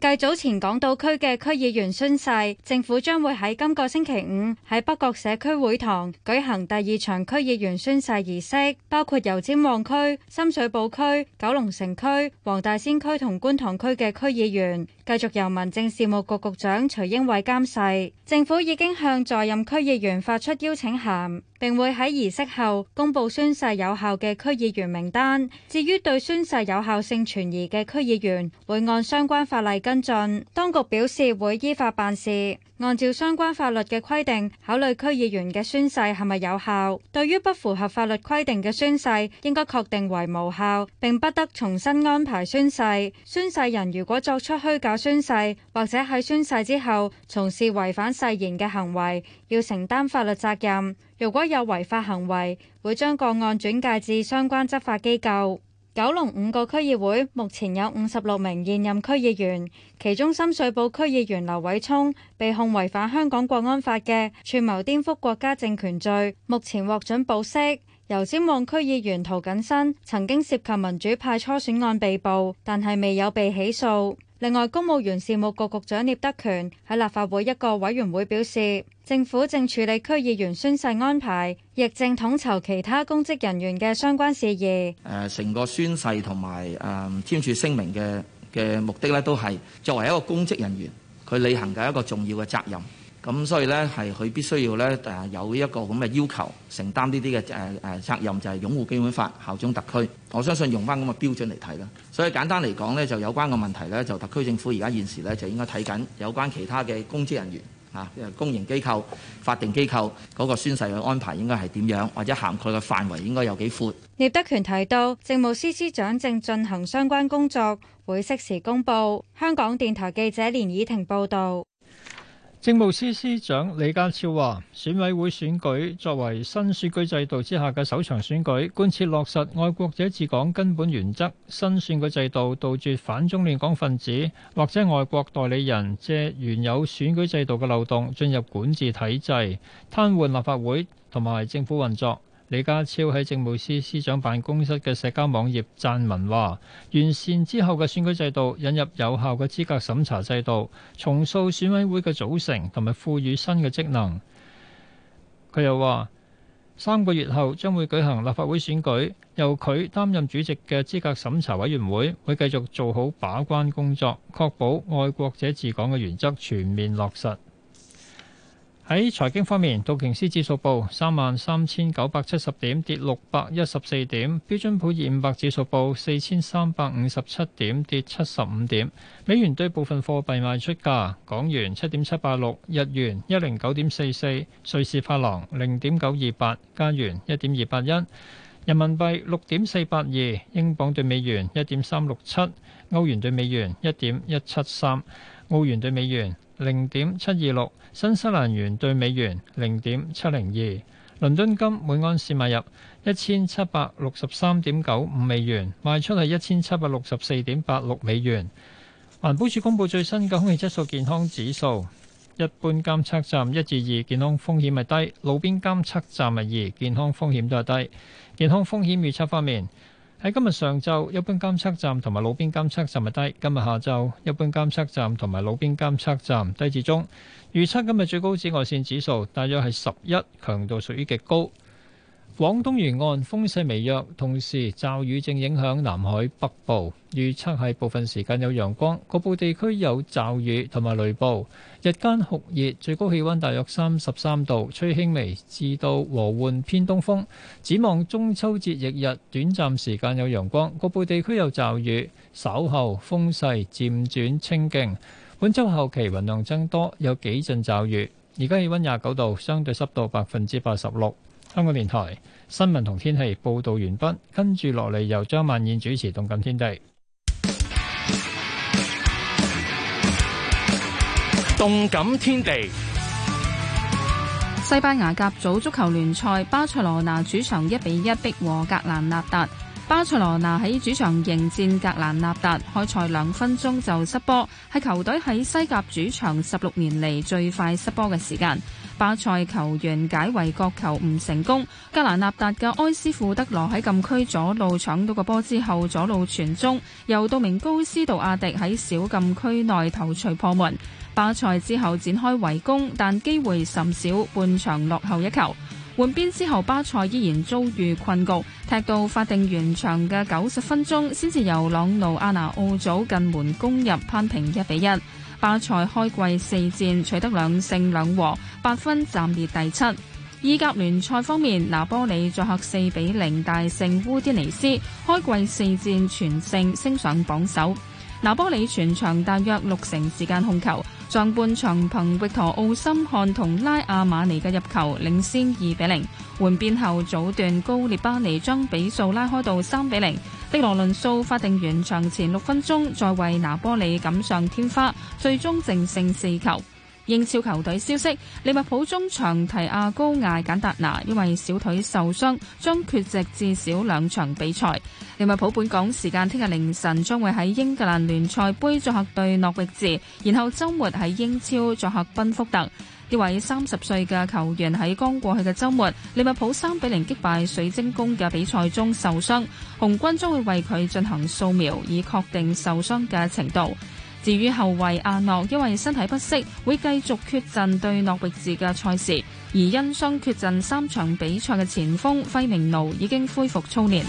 繼早前港島區嘅區議員宣誓，政府將會喺今個星期五喺北角社區會堂舉行第二場區議員宣誓儀式，包括油尖旺區、深水埗區、九龍城區、黃大仙區同觀塘區嘅區議員，繼續由民政事務局局局長徐英偉監誓。政府已經向在任區議員發出邀請函。並會喺儀式後公佈宣誓有效嘅區議員名單。至於對宣誓有效性存疑嘅區議員，會按相關法例跟進。當局表示會依法辦事。按照相關法律嘅規定，考慮區議員嘅宣誓係咪有效。對於不符合法律規定嘅宣誓，應該確定為無效，並不得重新安排宣誓。宣誓人如果作出虛假宣誓，或者喺宣誓之後從事違反誓言嘅行為，要承擔法律責任。如果有違法行為，會將個案轉介至相關執法機構。九龍五個區議會目前有五十六名現任區議員，其中深水埗區議員劉偉聰被控違反香港國安法嘅串謀顛覆國家政權罪，目前獲准保釋。油尖旺區議員涂謹申曾經涉及民主派初選案被捕，但係未有被起訴。另外，公務員事務局局長聶德權喺立法會一個委員會表示，政府正處理區議員宣誓安排，亦正統籌其他公職人員嘅相關事宜。誒、呃，成個宣誓同埋誒簽署聲明嘅嘅目的呢，都係作為一個公職人員，佢履行嘅一個重要嘅責任。咁所以咧，係佢必須要咧誒有一個咁嘅要求，承擔呢啲嘅誒誒責任，就係、是、擁護基本法、效忠特區。我相信用返咁嘅標準嚟睇啦。所以簡單嚟講呢就有關嘅問題呢，就特區政府而家現時呢，就應該睇緊有關其他嘅公職人員吓、啊、公營機構法定機構嗰個宣誓嘅安排應該係點樣，或者涵蓋嘅範圍應該有幾闊？聶德權提到，政務司司長正進行相關工作，會適時公布。香港電台記者連以婷報導。政務司司長李家超話，選委會選舉作為新選舉制度之下嘅首場選舉，貫徹落實愛國者治港根本原則。新選舉制度杜絕反中亂港分子或者外國代理人借原有選舉制度嘅漏洞，進入管治體制、癱瘓立法會同埋政府運作。李家超喺政務司司長辦公室嘅社交網頁撰文話：完善之後嘅選舉制度，引入有效嘅資格審查制度，重塑選委會嘅組成，同埋賦予新嘅職能。佢又話：三個月後將會舉行立法會選舉，由佢擔任主席嘅資格審查委員會會繼續做好把關工作，確保愛國者治港嘅原則全面落實。喺財經方面，道瓊斯指數報三萬三千九百七十點，跌六百一十四點；標準普爾五百指數報四千三百五十七點，跌七十五點。美元對部分貨幣賣出價：港元七點七八六，日元一零九點四四，瑞士法郎零點九二八，加元一點二八一，人民幣六點四八二，英鎊對美元一點三六七，歐元對美元一點一七三，澳元對美元零點七二六，新西蘭元兌美元零點七零二，倫敦金每安士買入一千七百六十三點九五美元，賣出係一千七百六十四點八六美元。環保署公布最新嘅空氣質素健康指數，一般監測站一至二健康風險係低，路邊監測站係二，健康風險都係低。健康風險預測方面，喺今日上晝，一般監測站同埋路邊監測站係低；今日下晝，一般監測站同埋路邊監測站低至中。預測今日最高紫外線指數大約係十一，強度屬於極高。廣東沿岸風勢微弱，同時驟雨正影響南海北部，預測係部分時間有陽光，局部地區有驟雨同埋雷暴。日間酷熱，最高氣溫大約三十三度，吹輕微至到和緩偏東風。展望中秋節翌日，短暫時間有陽光，局部地區有驟雨，稍後風勢漸轉清勁。本週後期雲量增多，有幾陣驟雨。而家氣溫廿九度，相對濕度百分之八十六。香港電台新聞同天氣報道完畢，跟住落嚟，由張曼燕主持《動感天地》。《動感天地》西班牙甲組足球聯賽，巴塞羅那主場一比一逼和格蘭納達。巴塞羅那喺主場迎戰格蘭納達，開賽兩分鐘就失波，係球隊喺西甲主場十六年嚟最快失波嘅時間。巴塞球員解圍國球唔成功，格蘭納達嘅埃斯庫德羅喺禁區左路搶到個波之後左路傳中，由杜明高斯杜阿迪喺小禁區內頭槌破門。巴塞之後展開圍攻，但機會甚少，半場落後一球。換邊之後，巴塞依然遭遇困局，踢到法定完場嘅九十分鐘，先至由朗奴阿拿奧祖近門攻入攀1 1，攀平一比一。巴塞開季四戰取得兩勝兩和，八分暫列第七。意甲聯賽方面，拿波里作客四比零大勝烏迪尼斯，開季四戰全勝，升上榜首。拿波里全場大約六成時間控球，上半場憑域陀奧森漢同拉阿馬尼嘅入球領先二比零。換邊後早段高列巴尼將比數拉開到三比零。的羅倫素法定完場前六分鐘再為拿波里錦上添花，最終淨勝四球。英超球隊消息，利物浦中場提亞高艾簡達拿因為小腿受傷，將缺席至少兩場比賽。利物浦本港時間聽日凌晨將會喺英格蘭聯賽杯作客對諾域治，然後週末喺英超作客賓福特。呢位三十歲嘅球員喺剛過去嘅周末利物浦三比零擊敗水晶宮嘅比賽中受傷，紅軍將會為佢進行掃描，以確定受傷嘅程度。至於後衛阿諾，因為身體不適會繼續缺陣對諾域治嘅賽事，而因傷缺陣三場比賽嘅前鋒費明奴已經恢復操練。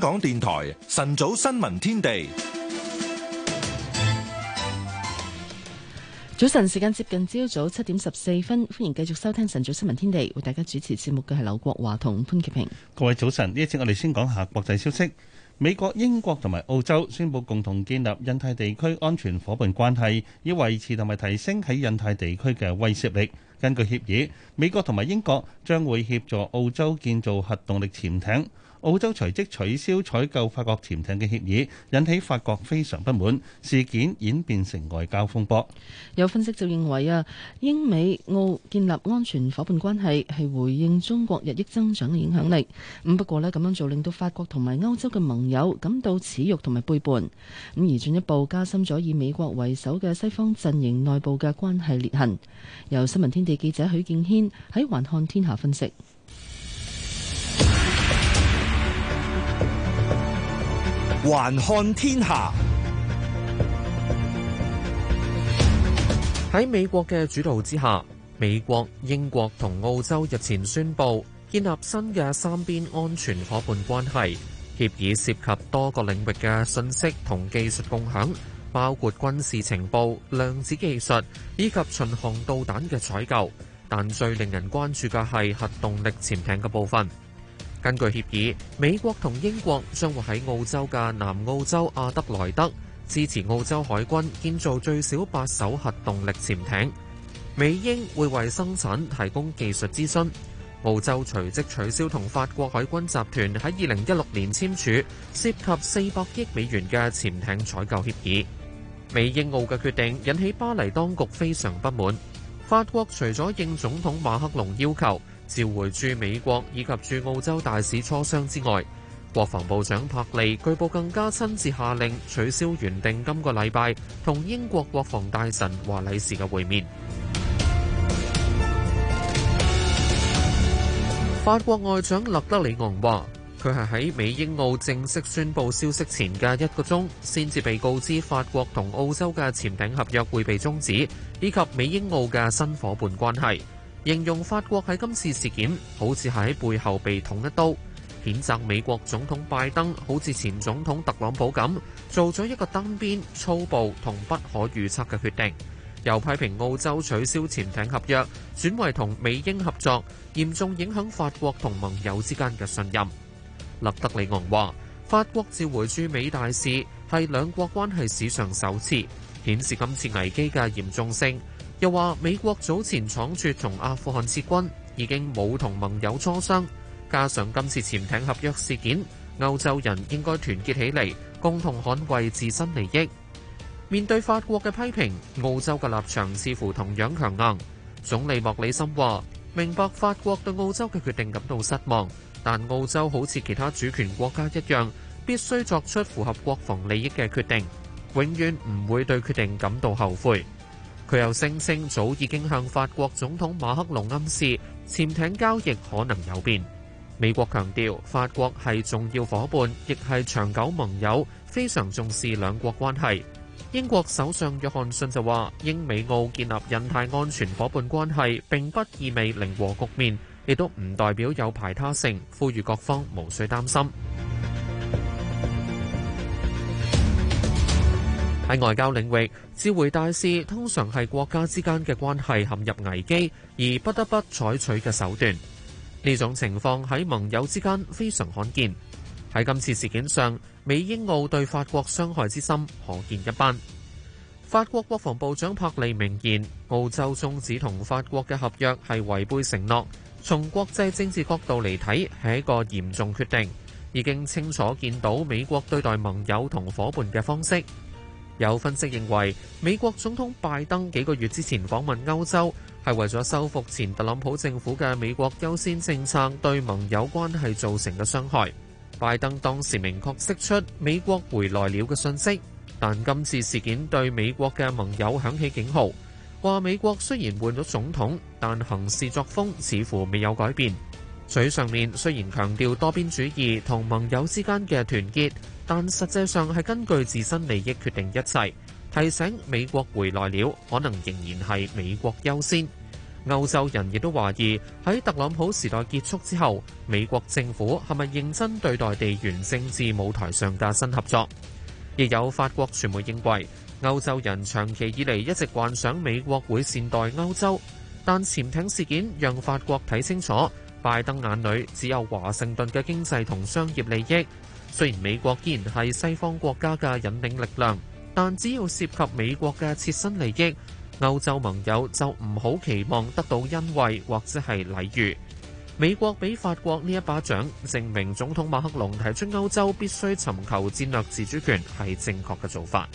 港電台晨早新聞天地，早晨時間接近朝早七點十四分，歡迎繼續收聽晨早新聞天地，為大家主持節目嘅係劉國華同潘潔平。各位早晨，呢一次我哋先講下國際消息。美國、英國同埋澳洲宣布共同建立印太地區安全伙伴關係，以維持同埋提升喺印太地區嘅威懾力。根據協議，美國同埋英國將會協助澳洲建造核動力潛艇。澳洲隨即取消採購法國潛艇嘅協議，引起法國非常不滿，事件演變成外交風波。有分析就認為啊，英美澳建立安全伙伴關係係回應中國日益增長嘅影響力。咁不過呢，咁樣做令到法國同埋歐洲嘅盟友感到恥辱同埋背叛，咁而進一步加深咗以美國為首嘅西方陣營內部嘅關係裂痕。由新聞天地記者許敬軒喺環看天下分析。還看天下。喺美國嘅主導之下，美國、英國同澳洲日前宣布建立新嘅三邊安全伙伴關係協議，涉及多個領域嘅信息同技術共享，包括軍事情報、量子技術以及巡航導彈嘅採購。但最令人關注嘅係核動力潛艇嘅部分。根據協議，美國同英國將會喺澳洲嘅南澳洲阿德萊德支持澳洲海軍建造最少八艘核動力潛艇。美英會為生產提供技術諮詢。澳洲隨即取消同法國海軍集團喺二零一六年簽署涉及四百億美元嘅潛艇採購協議。美英澳嘅決定引起巴黎當局非常不滿。法國除咗應總統馬克龍要求，召回駐美國以及駐澳洲大使磋商之外，國防部長柏利據報更加親自下令取消原定今個禮拜同英國國防大臣華里士嘅會面。法國外長勒德里昂話，佢係喺美英澳正式宣布消息前嘅一個鐘先至被告知法國同澳洲嘅潛艇合約會被終止，以及美英澳嘅新伙伴關係。形容法國喺今次事件好似喺背後被捅一刀，譴責美國總統拜登好似前總統特朗普咁做咗一個單邊粗暴同不可預測嘅決定，又批評澳洲取消潛艇合約，轉為同美英合作，嚴重影響法國同盟友之間嘅信任。勒德里昂話：法國召回駐美大使係兩國關係史上首次，顯示今次危機嘅嚴重性。又話美國早前倉卒同阿富汗撤軍，已經冇同盟友磋商，加上今次潛艇合約事件，歐洲人應該團結起嚟，共同捍衞自身利益。面對法國嘅批評，澳洲嘅立場似乎同樣強硬。總理莫里森話：明白法國對澳洲嘅決定感到失望，但澳洲好似其他主權國家一樣，必須作出符合國防利益嘅決定，永遠唔會對決定感到後悔。佢又聲稱，早已經向法國總統馬克龍暗示，潛艇交易可能有變。美國強調法國係重要伙伴，亦係長久盟友，非常重視兩國關係。英國首相約翰遜就話：英美澳建立印太安全伙伴關係並不意味零和局面，亦都唔代表有排他性，呼籲各方無需擔心。喺外交領域，召回大使通常係國家之間嘅關係陷入危機而不得不採取嘅手段。呢種情況喺盟友之間非常罕見。喺今次事件上，美英澳對法國傷害之心，可見一斑。法國國防部長帕利明言，澳洲終止同法國嘅合約係違背承諾。從國際政治角度嚟睇，係一個嚴重決定。已經清楚見到美國對待盟友同伙伴嘅方式。有分析認為，美國總統拜登幾個月之前訪問歐洲，係為咗修復前特朗普政府嘅美國優先政策對盟友關係造成嘅傷害。拜登當時明確釋出美國回來了嘅訊息，但今次事件對美國嘅盟友響起警號，話美國雖然換咗總統，但行事作風似乎未有改變。嘴上面雖然強調多邊主義同盟友之間嘅團結，但實際上係根據自身利益決定一切。提醒美國回來了，可能仍然係美國優先。歐洲人亦都懷疑喺特朗普時代結束之後，美國政府係咪認真對待地緣政治舞台上嘅新合作？亦有法國傳媒認為，歐洲人長期以嚟一直幻想美國會善待歐洲，但潛艇事件讓法國睇清楚，拜登眼裏只有華盛頓嘅經濟同商業利益。雖然美國依然係西方國家嘅引領力量，但只要涉及美國嘅切身利益，歐洲盟友就唔好期望得到恩惠或者係禮遇。美國俾法國呢一巴掌，證明總統馬克龍提出歐洲必須尋求戰略自主權係正確嘅做法。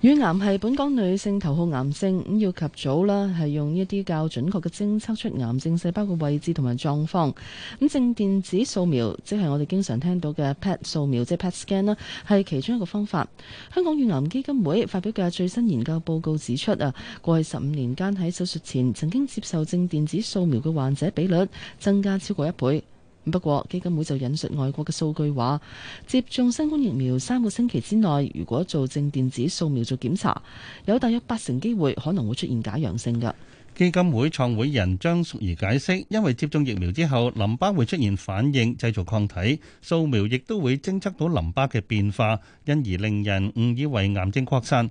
乳癌係本港女性頭號癌症，咁要及早啦。係用一啲較準確嘅偵測出癌症細胞嘅位置同埋狀況。咁正電子掃描，即係我哋經常聽到嘅 PET 掃描，即係 PET scan 啦，係其中一個方法。香港乳癌基金會發表嘅最新研究報告指出啊，過去十五年間喺手術前曾經接受正電子掃描嘅患者比率增加超過一倍。不過，基金會就引述外國嘅數據話，接種新冠疫苗三個星期之內，如果做正電子掃描做檢查，有大約八成機會可能會出現假陽性嘅。基金會創會人張淑儀解釋，因為接種疫苗之後，淋巴會出現反應，製造抗體，掃描亦都會偵測到淋巴嘅變化，因而令人誤以為癌症擴散。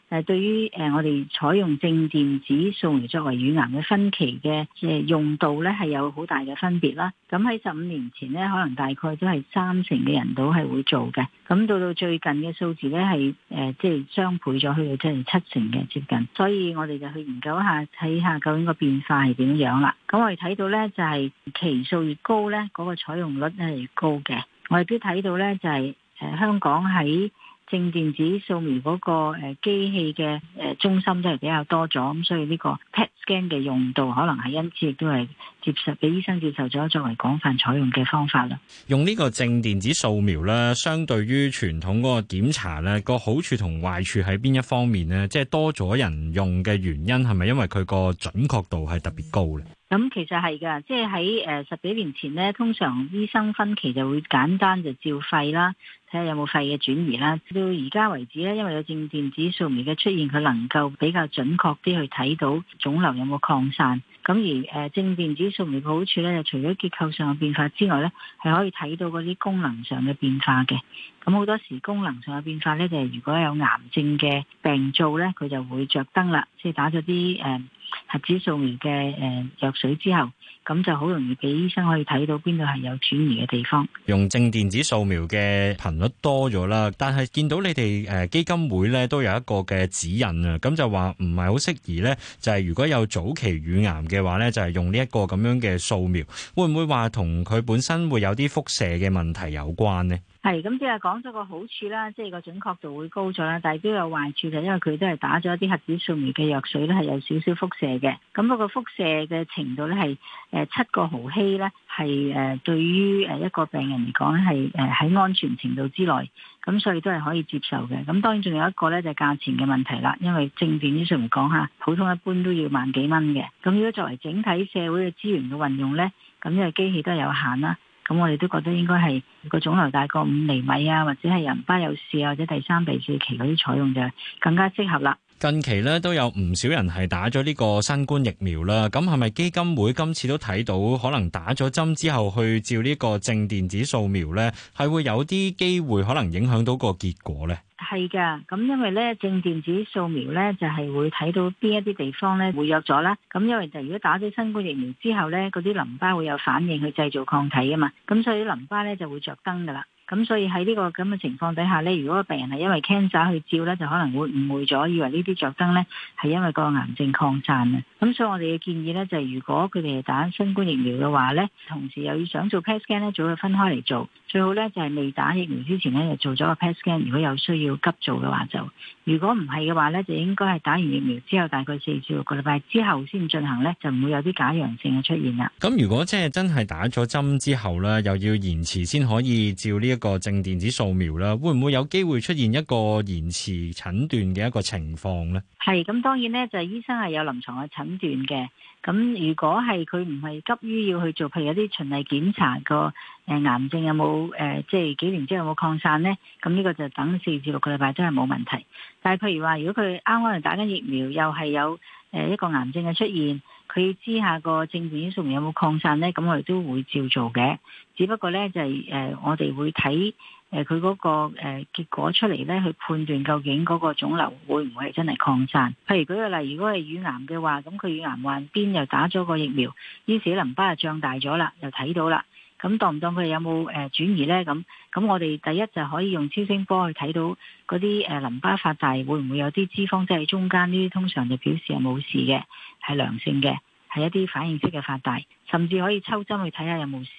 誒、呃、對於誒、呃、我哋採用正電子數嚟作為乳癌嘅分期嘅誒用度咧，係有好大嘅分別啦。咁喺十五年前咧，可能大概都係三成嘅人都係會做嘅。咁到到最近嘅數字咧，係誒、呃、即係雙倍咗，去到即係七成嘅接近。所以我哋就去研究一下，睇下究竟個變化係點樣啦。咁我哋睇到咧就係期數越高咧，嗰、那個採用率咧係越高嘅。我哋都睇到咧就係、是、誒、呃、香港喺。正電子掃描嗰個誒機器嘅誒中心都係比較多咗，咁所以呢個 PET scan 嘅用度可能係因此亦都係接受俾醫生接受咗作為廣泛採用嘅方法啦。用呢個正電子掃描咧，相對於傳統嗰個檢查咧，個好處同壞處喺邊一方面咧？即係多咗人用嘅原因係咪因為佢個準確度係特別高咧？咁、嗯、其實係㗎，即係喺誒十幾年前咧，通常醫生分期就會簡單就照肺啦。睇下有冇肺嘅轉移啦，到而家為止咧，因為有正電子掃描嘅出現，佢能夠比較準確啲去睇到腫瘤有冇擴散。咁而誒、呃、正電子掃描嘅好處咧，就除咗結構上嘅變化之外咧，係可以睇到嗰啲功能上嘅變化嘅。咁好多時功能上嘅變化咧，就係、係、如果有癌症嘅病灶咧，佢就會着燈啦，即、就、係、係、打咗啲誒。呃核子掃描嘅誒藥水之後，咁就好容易俾醫生可以睇到邊度係有轉移嘅地方。用正電子掃描嘅頻率多咗啦，但係見到你哋誒基金會咧，都有一個嘅指引啊，咁就話唔係好適宜咧，就係、是、如果有早期乳癌嘅話咧，就係、是、用呢一個咁樣嘅掃描，會唔會話同佢本身會有啲輻射嘅問題有關呢？係，咁即係講咗個好處啦，即係個準確度會高咗啦，但係都有壞處嘅，因為佢都係打咗一啲核子掃描嘅藥水咧，係有少少輻射嘅。咁、那、嗰個輻射嘅程度咧，係誒七個毫希咧，係誒對於誒一個病人嚟講咧，係誒喺安全程度之內，咁所以都係可以接受嘅。咁當然仲有一個咧就係價錢嘅問題啦，因為正電子掃描嚟講吓，普通一般都要萬幾蚊嘅。咁如果作為整體社會嘅資源嘅運用咧，咁因為機器都係有限啦。咁我哋都覺得應該係個腫瘤大過五厘米啊，或者係淋巴有事啊，或者第三、第四期嗰啲採用就更加適合啦。近期呢，都有唔少人係打咗呢個新冠疫苗啦。咁係咪基金會今次都睇到可能打咗針之後去照呢個正電子掃描呢，係會有啲機會可能影響到個結果呢？係噶，咁因為咧，正電子掃描咧就係會睇到邊一啲地方咧活躍咗啦。咁因為就如果打咗新冠疫苗之後咧，嗰啲淋巴會有反應去製造抗體啊嘛，咁所以淋巴咧就會着燈噶啦。咁所以喺呢個咁嘅情況底下咧，如果病人係因為 cancer 去照咧，就可能會誤會咗，以為呢啲着燈咧係因為個癌症擴散啊。咁所以我哋嘅建議咧、就是，就係如果佢哋打新冠疫苗嘅話咧，同時又要想做 PET scan 咧，最好分開嚟做。最好咧就係未打疫苗之前咧，就做咗個 PET scan。如果有需要急做嘅話，就，如果唔係嘅話咧，就應該係打完疫苗之後，大概四至六個禮拜之後先進行咧，就唔會有啲假陽性嘅出現啦。咁如果即係真係打咗針之後咧，又要延遲先可以照呢、這個個正電子掃描啦，會唔會有機會出現一個延遲診斷嘅一個情況呢？係咁，當然呢，就係、醫生係有臨床嘅診斷嘅。咁如果係佢唔係急於要去做，譬如有啲循例檢查個誒、呃、癌症有冇誒即係幾年之後有冇擴散呢？咁呢個就等四至六個禮拜，真係冇問題。但係譬如話，如果佢啱啱打緊疫苗，又係有誒、呃、一個癌症嘅出現，佢要知下個正電子掃描有冇擴散呢？咁我哋都會照做嘅。只不過呢，就係、是、誒、呃，我哋會睇誒佢嗰個誒結果出嚟，呢，去判斷究竟嗰個腫瘤會唔會係真係擴散？譬如舉個例，如果係乳癌嘅話，咁佢乳癌患邊又打咗個疫苗，於是淋巴又脹大咗啦，又睇到啦。咁當唔當佢有冇誒轉移呢？咁咁我哋第一就可以用超聲波去睇到嗰啲誒淋巴發大會唔會有啲脂肪，即係中間呢啲，通常就表示係冇事嘅，係良性嘅，係一啲反應式嘅發大，甚至可以抽針去睇下有冇事。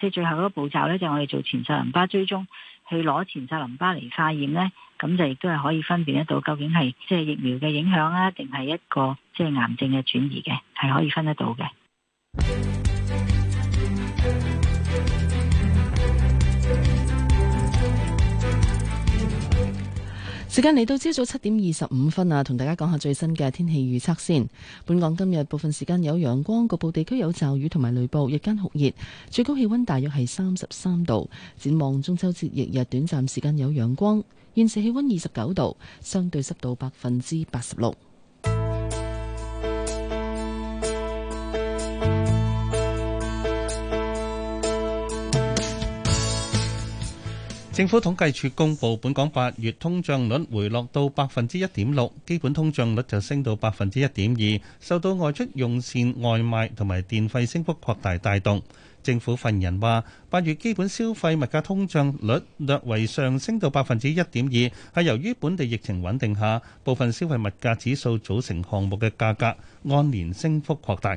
即係最後一個步驟咧就係我哋做前哨淋巴追蹤，去攞前哨淋巴嚟化驗咧咁就亦都係可以分辨得到究竟係即係疫苗嘅影響啊，定係一個即係癌症嘅轉移嘅，係可以分得到嘅。時間嚟到朝早七點二十五分啊。同大家講下最新嘅天氣預測先。本港今日部分時間有陽光，局部地區有驟雨同埋雷暴，日間酷熱，最高氣溫大約係三十三度。展望中秋節翌日短暫時間有陽光，現時氣溫二十九度，相對濕度百分之八十六。政府統計處公布，本港八月通脹率回落到百分之一點六，基本通脹率就升到百分之一點二，受到外出用膳、外賣同埋電費升幅擴大帶動。政府份人話，八月基本消費物價通脹率略為上升到百分之一點二，係由於本地疫情穩定下，部分消費物價指數組成項目嘅價格按年升幅擴大。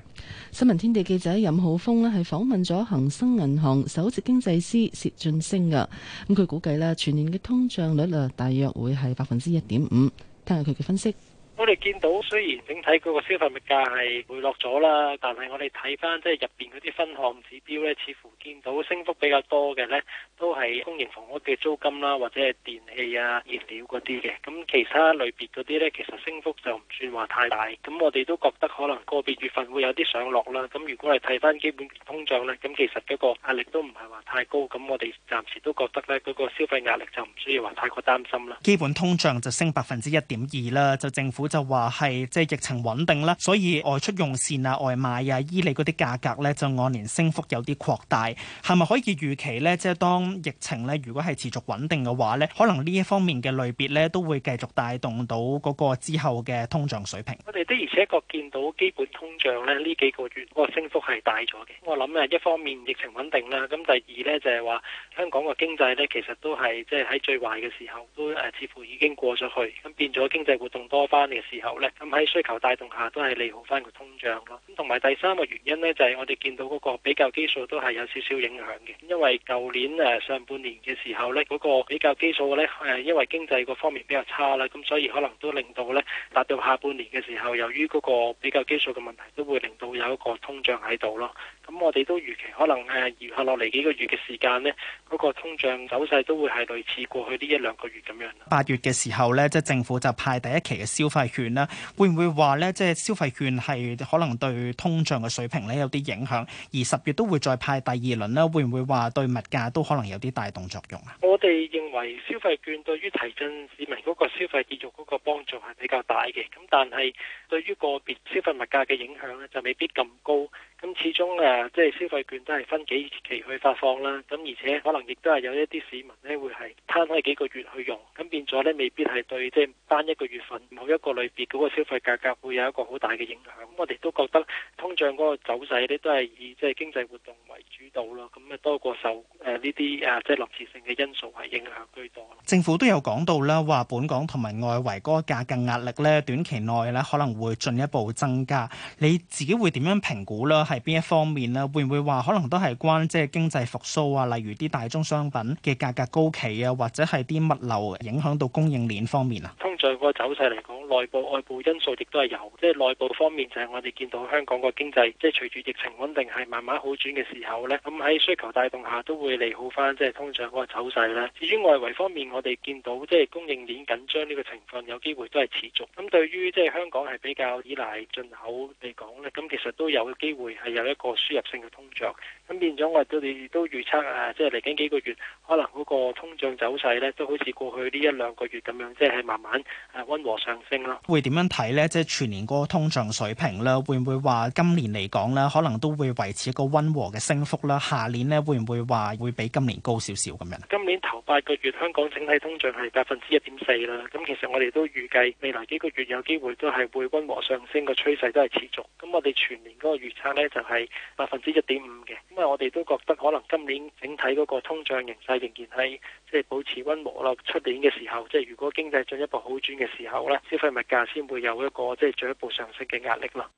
新聞天地記者任浩峰呢係訪問咗恒生銀行首席經濟師薛俊升噶，咁，佢估計啦，全年嘅通脹率啊，大約會係百分之一點五。聽下佢嘅分析。我哋見到雖然整體嗰個消費物價係回落咗啦，但係我哋睇翻即係入邊嗰啲分項指標咧，似乎見到升幅比較多嘅咧，都係公營房屋嘅租金啦，或者係電器啊、燃料嗰啲嘅。咁其他類別嗰啲咧，其實升幅就唔算話太大。咁我哋都覺得可能個別月份會有啲上落啦。咁如果係睇翻基本通脹咧，咁其實嗰個壓力都唔係話太高。咁我哋暫時都覺得咧，嗰個消費壓力就唔需要話太過擔心啦。基本通脹就升百分之一點二啦，就政府，就話係即係疫情穩定啦，所以外出用膳啊、外賣啊、衣履嗰啲價格呢，就按年升幅有啲擴大，係咪可以預期呢？即係當疫情咧，如果係持續穩定嘅話呢，可能呢一方面嘅類別呢，都會繼續帶動到嗰個之後嘅通脹水平。我哋的而且確見到基本通脹咧，呢幾個月嗰個升幅係大咗嘅。我諗咧，一方面疫情穩定啦，咁第二呢，就係話香港嘅經濟呢，其實都係即係喺最壞嘅時候都誒似乎已經過咗去，咁變咗經濟活動多返。嘅時候咧，咁喺需求帶動下都係利好翻個通脹咯。咁同埋第三個原因呢，就係我哋見到嗰個比較基數都係有少少影響嘅，因為舊年誒上半年嘅時候呢，嗰個比較基數呢，誒，因為經濟個方面比較差啦，咁所以可能都令到呢達到下半年嘅時候，由於嗰個比較基數嘅問題，都會令到有一個通脹喺度咯。咁我哋都預期可能誒，餘下落嚟幾個月嘅時間呢，嗰個通脹走勢都會係類似過去呢一兩個月咁樣。八月嘅時候呢，即係政府就派第一期嘅消費券啦，會唔會話咧？即係消費券係可能對通脹嘅水平咧有啲影響，而十月都會再派第二輪咧，會唔會話對物價都可能有啲帶動作用啊？我哋認為消費券對於提振市民嗰個消費意欲嗰個幫助係比較大嘅，咁但係對於個別消費物價嘅影響咧就未必咁高。咁始終誒，即係消費券都係分幾期去發放啦，咁而且可能亦都係有一啲市民咧會係攤開幾個月去用，咁變咗咧未必係對即係單一個月份某一個。類別嗰個消費價格會有一個好大嘅影響，咁我哋都覺得通脹嗰個走勢呢都係以即係經濟活動為主導咯，咁啊多過受誒呢啲啊即係臨時性嘅因素係影響居多。政府都有講到啦，話本港同埋外圍嗰個價格壓力呢，短期內咧可能會進一步增加。你自己會點樣評估啦？係邊一方面呢？會唔會話可能都係關即係經濟復蘇啊？例如啲大宗商品嘅價格高企啊，或者係啲物流影響到供應鏈方面啊？通脹個走勢嚟講，內內部外部因素亦都係有，即係內部方面就係我哋見到香港個經濟，即係隨住疫情穩定係慢慢好轉嘅時候呢，咁喺需求帶動下都會利好翻，即係通脹嗰個走勢啦。至於外圍方面，我哋見到即係供應鏈緊張呢個情況有機會都係持續。咁對於即係香港係比較依賴進口嚟講呢，咁其實都有機會係有一個輸入性嘅通脹，咁變咗我哋都預測啊，即係嚟緊幾個月可能嗰個通脹走勢呢都好似過去呢一兩個月咁樣，即係慢慢誒溫和上升啦。會點樣睇呢？即係全年嗰個通脹水平咧，會唔會話今年嚟講呢，可能都會維持一個溫和嘅升幅啦？下年呢，會唔會話會比今年高少少咁樣？今年頭八個月香港整體通脹係百分之一點四啦。咁其實我哋都預計未來幾個月有機會都係會溫和上升嘅趨勢都係持續。咁我哋全年嗰個預測呢就係百分之一點五嘅。咁啊，我哋都覺得可能今年整體嗰個通脹形勢仍然係即係保持溫和咯。出年嘅時候，即係如果經濟進一步好轉嘅時候呢。消費物。價先會有一個即係進一步上升嘅壓力咯。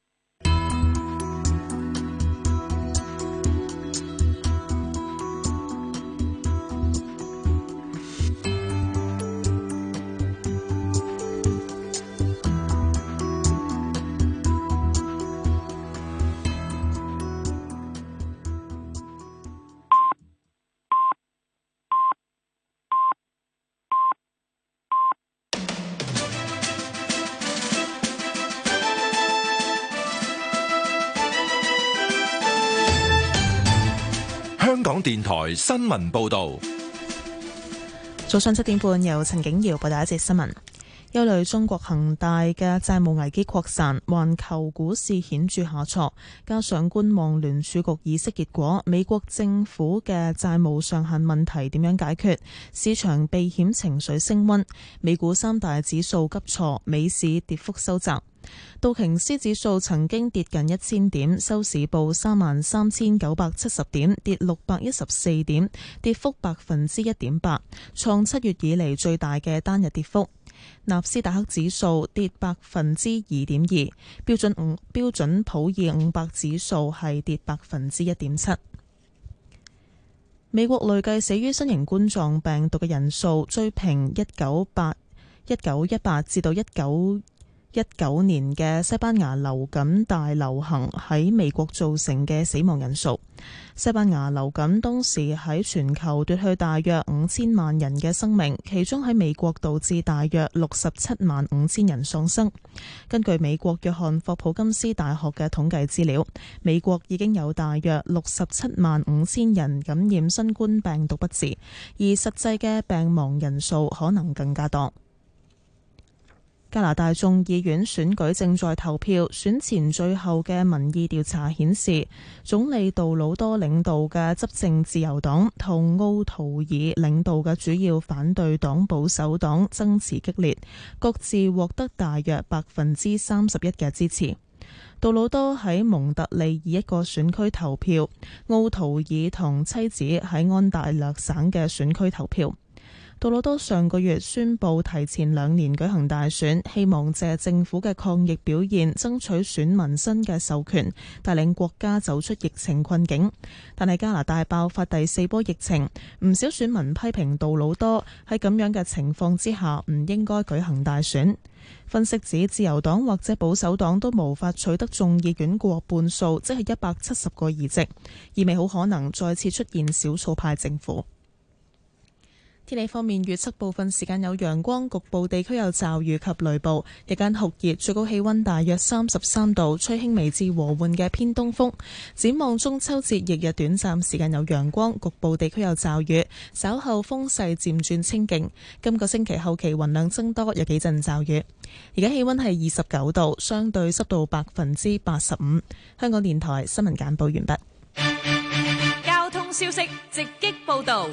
香港電台新聞報道，早上七點半由陳景瑤報道一節新聞。憂慮中國恒大嘅債務危機擴散，環球股市顯著下挫，加上觀望聯儲局議息結果，美國政府嘅債務上限問題點樣解決，市場避險情緒升溫，美股三大指數急挫，美市跌幅收窄。道瓊斯指數曾經跌近一千點，收市報三萬三千九百七十點，跌六百一十四點，跌幅百分之一點八，創七月以嚟最大嘅單日跌幅。納斯達克指數跌百分之二點二，標準 5, 標準普爾五百指數係跌百分之一點七。美國累計死於新型冠狀病毒嘅人數追平一九八一九一八至到一九。一九年嘅西班牙流感大流行喺美國造成嘅死亡人數，西班牙流感當時喺全球奪去大約五千萬人嘅生命，其中喺美國導致大約六十七萬五千人喪生。根據美國約翰霍普金斯大學嘅統計資料，美國已經有大約六十七萬五千人感染新冠病毒不治，而實際嘅病亡人數可能更加多。加拿大眾議院選舉正在投票，選前最後嘅民意調查顯示，總理杜魯多領導嘅執政自由黨同奧圖爾領導嘅主要反對黨保守黨爭持激烈，各自獲得大約百分之三十一嘅支持。杜魯多喺蒙特利爾一個選區投票，奧圖爾同妻子喺安大略省嘅選區投票。杜魯多上個月宣布提前兩年舉行大選，希望借政府嘅抗疫表現爭取選民新嘅授權，帶領國家走出疫情困境。但係加拿大爆發第四波疫情，唔少選民批評杜魯多喺咁樣嘅情況之下唔應該舉行大選。分析指自由黨或者保守黨都無法取得眾議院過半數，即係一百七十個議席，意味好可能再次出現少數派政府。天氣方面，預測部分時間有陽光，局部地區有驟雨及雷暴，日間酷熱，最高氣溫大約三十三度，吹輕微至和緩嘅偏東風。展望中秋節，翌日短暫時間有陽光，局部地區有驟雨，稍後風勢漸轉清勁。今個星期後期雲量增多，有幾陣驟雨。而家氣溫係二十九度，相對濕度百分之八十五。香港電台新聞簡報完畢。交通消息直擊報道。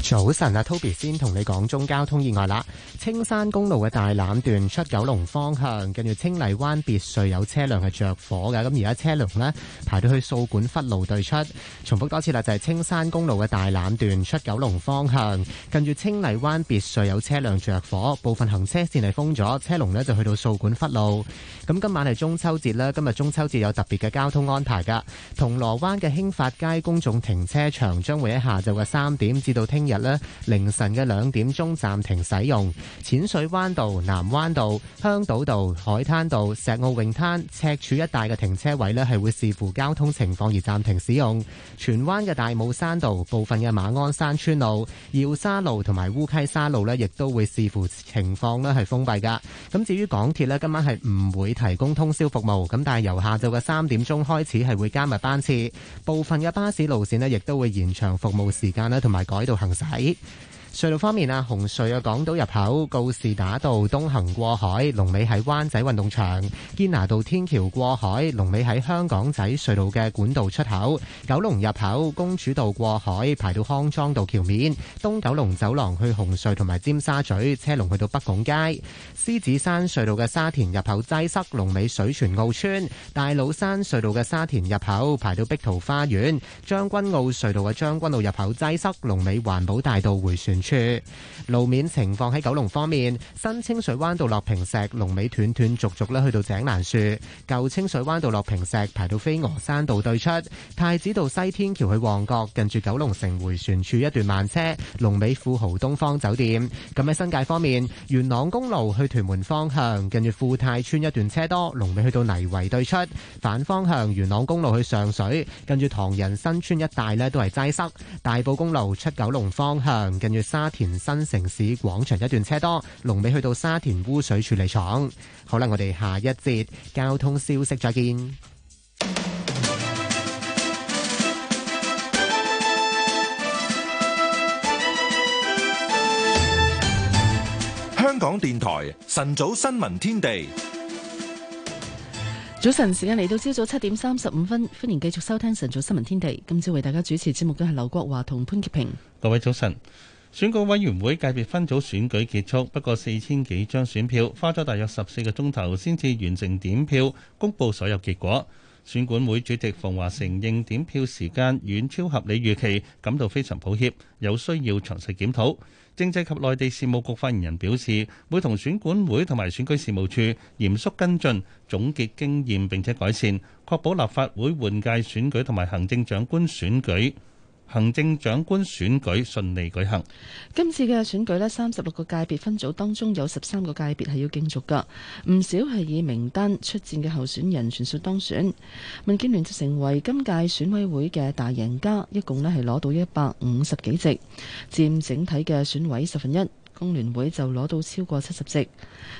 早晨啊，Toby 先同你講宗交通意外啦。青山公路嘅大欖段出九龍方向，近住青麗灣別墅有車輛係着火嘅，咁而家車龍呢，排到去掃管笏路對出。重複多次啦，就係青山公路嘅大欖段出九龍方向，近住青麗灣別墅有車輛着火，部分行車線係封咗，車龍呢，就去到掃管笏路。咁今晚係中秋節啦，今日中秋節有特別嘅交通安排噶，銅鑼灣嘅興發街公眾停車場將會喺下晝嘅三點至到聽日咧凌晨嘅兩點鐘暫停使用。淺水灣道、南灣道、香島道、海灘道、石澳泳灘、赤柱一帶嘅停車位咧係會視乎交通情況而暫停使用。荃灣嘅大帽山道、部分嘅馬鞍山村路、耀沙路同埋烏溪沙路咧，亦都會視乎情況咧係封閉噶，咁至於港鐵咧，今晚係唔會提供通宵服務，咁但係由下晝嘅三點鐘開始係會加密班次，部分嘅巴士路線咧亦都會延長服務時間咧，同埋改道行駛。隧道方面啊，紅隧嘅港島入口告士打道東行過海，龍尾喺灣仔運動場；堅拿道天橋過海，龍尾喺香港仔隧道嘅管道出口；九龍入口公主道過海，排到康莊道橋面；東九龍走廊去紅隧同埋尖沙咀，車龍去到北拱街；獅子山隧道嘅沙田入口擠塞，龍尾水泉澳村；大老山隧道嘅沙田入口排到碧桃花園；將軍澳隧道嘅將軍澳入口擠塞，龍尾環保大道回旋處路面情況喺九龍方面，新清水灣道落坪石，龍尾斷斷續續咧去到井欄樹；舊清水灣道落坪石，排到飛鵝山道對出；太子道西天橋去旺角，近住九龍城回旋處一段慢車，龍尾富豪東方酒店。咁喺新界方面，元朗公路去屯門方向，近住富泰村一段車多，龍尾去到泥圍對出；反方向元朗公路去上水，近住唐人新村一帶咧都係齋塞；大埔公路出九龍方向，近住。沙田新城市廣場一段車多，龍尾去到沙田污水處理廠。好啦，我哋下一節交通消息再見。香港電台晨早新聞天地，早晨時間嚟到，朝早七點三十五分，歡迎繼續收聽晨早新聞天地。今朝為大家主持節目嘅係劉國華同潘潔平。各位早晨。選舉委員會界別分組選舉結束，不過四千幾張選票花咗大約十四個鐘頭先至完成點票，公佈所有結果。選管會主席馮華承認點票時間遠超合理預期，感到非常抱歉，有需要詳細檢討。政制及內地事務局發言人表示，會同選管會同埋選舉事務處嚴肅跟進，總結經驗並且改善，確保立法會換屆選舉同埋行政長官選舉。行政長官選舉順利舉行。今次嘅選舉呢，三十六個界別分組當中有十三個界別係要競逐噶，唔少係以名單出戰嘅候選人全數當選。民建聯就成為今屆選委會嘅大贏家，一共咧係攞到一百五十幾席，佔整體嘅選委十分一。工聯會就攞到超過七十席。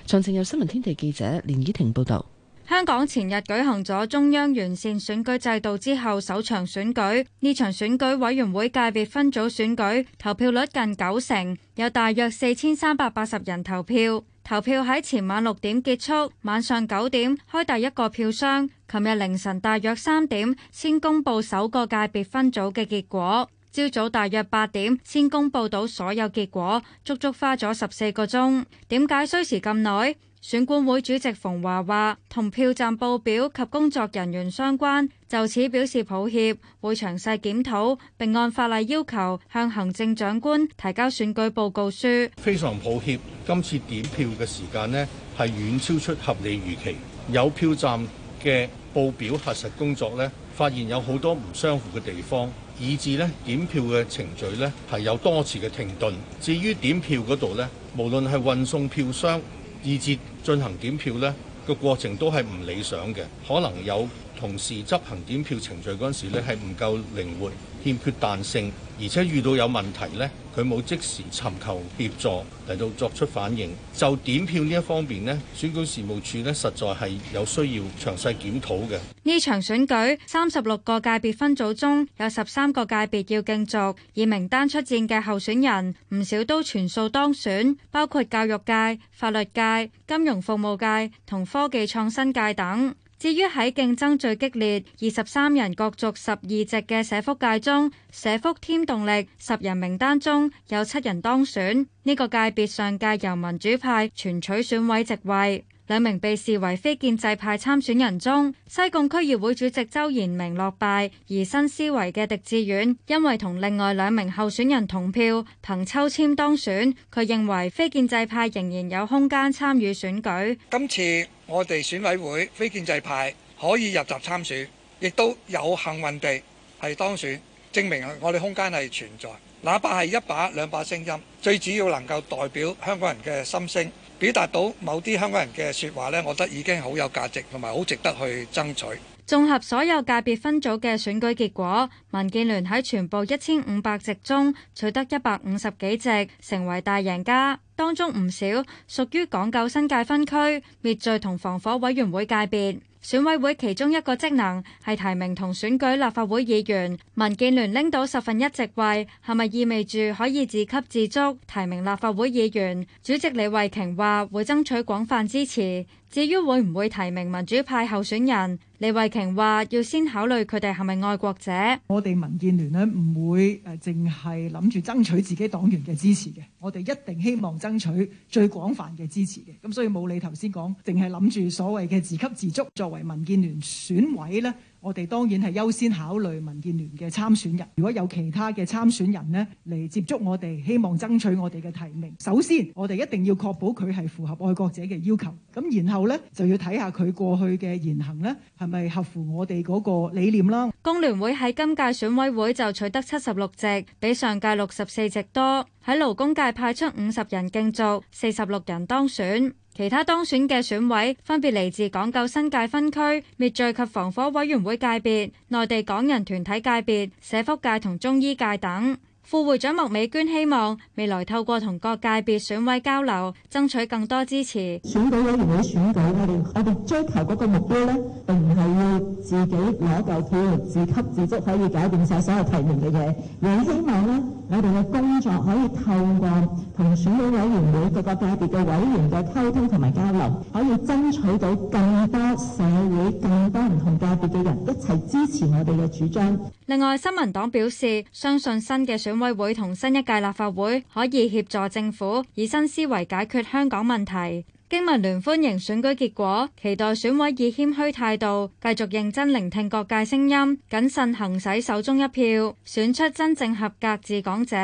詳情由新聞天地記者連以婷報道。香港前日舉行咗中央完善選舉制度之後首場選舉，呢場選舉委員會界別分組選舉投票率近九成，有大約四千三百八十人投票。投票喺前晚六點結束，晚上九點開第一個票箱。琴日凌晨大約三點先公布首個界別分組嘅結果，朝早大約八點先公布到所有結果，足足花咗十四個鐘。點解需時咁耐？選管會主席馮華話，同票站報表及工作人員相關，就此表示抱歉，會詳細檢討並按法例要求向行政長官提交選舉報告書。非常抱歉，今次點票嘅時間呢係遠超出合理預期，有票站嘅報表核實工作呢，發現有好多唔相符嘅地方，以致呢點票嘅程序呢係有多次嘅停頓。至於點票嗰度呢，無論係運送票箱。以致進行檢票呢個過程都係唔理想嘅，可能有同事執行檢票程序嗰陣時呢係唔夠靈活。欠缺彈性，而且遇到有問題呢，佢冇即時尋求協助嚟到作出反應。就點票呢一方面呢，選舉事務處呢，實在係有需要詳細檢討嘅。呢場選舉，三十六個界別分組中有十三個界別要競逐，以名單出戰嘅候選人唔少都全數當選，包括教育界、法律界、金融服務界同科技創新界等。至於喺競爭最激烈二十三人角逐十二席嘅社福界中，社福添動力十人名單中有七人當選，呢個界別上屆由民主派全取選委席位。兩名被視為非建制派參選人中，西貢區議會主席周延明落敗，而新思維嘅狄志遠因為同另外兩名候選人同票，憑抽籤當選。佢認為非建制派仍然有空間參與選舉。今次我哋選委會非建制派可以入閘參選，亦都有幸運地係當選，證明我哋空間係存在。哪怕係一把兩把聲音，最主要能夠代表香港人嘅心聲。表達到某啲香港人嘅説話呢，我覺得已經好有價值同埋好值得去爭取。綜合所有界別分組嘅選舉結果，民建聯喺全部一千五百席中取得一百五十幾席，成為大贏家。當中唔少屬於港九新界分區、滅罪同防火委員會界別。選委會其中一個職能係提名同選舉立法會議員，民建聯拎到十分一席位，係咪意味住可以自給自足提名立法會議員？主席李慧瓊話會爭取廣泛支持。至於會唔會提名民主派候選人？李慧瓊話：要先考慮佢哋係咪愛國者。我哋民建聯呢，唔會誒，淨係諗住爭取自己黨員嘅支持嘅，我哋一定希望爭取最廣泛嘅支持嘅。咁所以冇，你頭先講，淨係諗住所謂嘅自給自足作為民建聯選委咧。我哋當然係優先考慮民建聯嘅參選人。如果有其他嘅參選人呢，嚟接觸我哋，希望爭取我哋嘅提名。首先，我哋一定要確保佢係符合愛國者嘅要求。咁然後呢，就要睇下佢過去嘅言行呢，係咪合乎我哋嗰個理念啦。工聯會喺今屆選委會就取得七十六席，比上屆六十四席多。喺勞工界派出五十人競逐，四十六人當選。其他當選嘅選委分別嚟自港九新界分區、滅罪及防火委員會界別、內地港人團體界別、社福界同中醫界等。副會長莫美娟希望未來透過同各界別選委交流，爭取更多支持。選舉委員會選舉咧，我哋追求嗰個目標咧，並唔係要自己攞嚿票，自給自足可以搞掂晒所有提名嘅嘢。亦希望咧，我哋嘅工作可以透過同選舉委員會各個界別嘅委員嘅溝通同埋交可以爭取到更多社會、更多唔同界別嘅人一齊支持我哋嘅主張。另外，新民黨表示相信新嘅選委會同新一屆立法會可以協助政府以新思維解決香港問題。經民聯歡迎選舉結果，期待選委以謙虛態度繼續認真聆聽各界聲音，謹慎行使手中一票，選出真正合格治港者。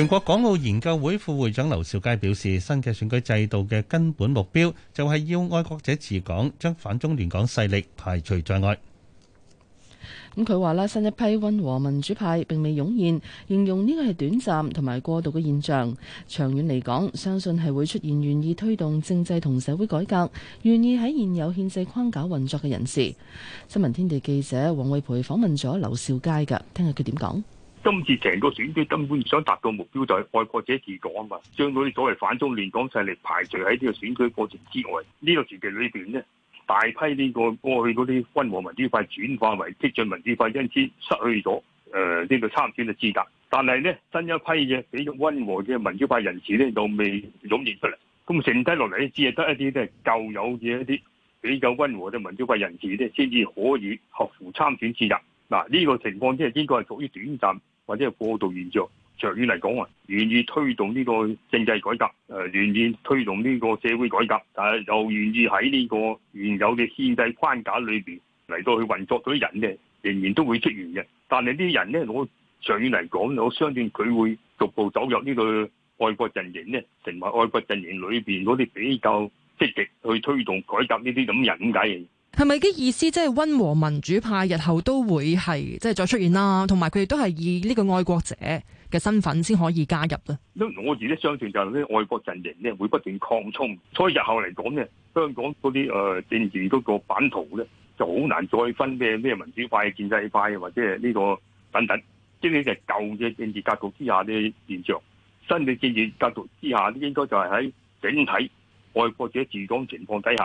全國港澳研究會副會長劉兆佳表示，新嘅選舉制度嘅根本目標就係要愛國者治港，將反中亂港勢力排除在外。咁佢話啦，新一批溫和民主派並未湧現，形容呢個係短暫同埋過渡嘅現象。長遠嚟講，相信係會出現願意推動政制同社會改革、願意喺現有憲制框架運作嘅人士。新聞天地記者王偉培訪問咗劉兆佳嘅，聽下佢點講。今次成個選舉根本想達到目標就係愛國者治港嘛，將嗰啲所謂反中亂港勢力排除喺呢個選舉過程之外。呢、呢個時期裏邊呢，大批呢個過去嗰啲溫和民主派轉化為激進民主派，因此失去咗誒呢個參選嘅資格。但係呢，新一批嘅比較溫和嘅民主派人士呢，就未湧現出嚟。咁剩低落嚟只係得一啲咧舊有嘅一啲比較溫和嘅民主派人士呢，先至可以合乎參選資格。嗱、呃、呢、呢個情況即係應該係屬於短暫。或者係過度延著，長遠嚟講啊，願意推動呢個政制改革，誒、呃、願意推動呢個社會改革，但、呃、係又願意喺呢個原有嘅憲制框架裏邊嚟到去運作，嗰啲人嘅，仍然都會出現嘅。但係啲人咧，我長遠嚟講，我相信佢會逐步走入個呢個愛國陣營咧，成為愛國陣營裏邊嗰啲比較積極去推動改革呢啲咁人，點解？係咪啲意思即係溫和民主派日後都會係即係再出現啦？同埋佢哋都係以呢個愛國者嘅身份先可以加入咧。因我自己相信就呢愛國陣營咧會不斷擴充，所以日後嚟講咧，香港嗰啲誒政治嗰個版圖咧就好難再分咩咩民主派、建制派或者係呢個等等，即呢啲就舊、係、嘅政治格局之下嘅現象。新嘅政治格局之下，應該就係喺整體愛國者治港情況底下，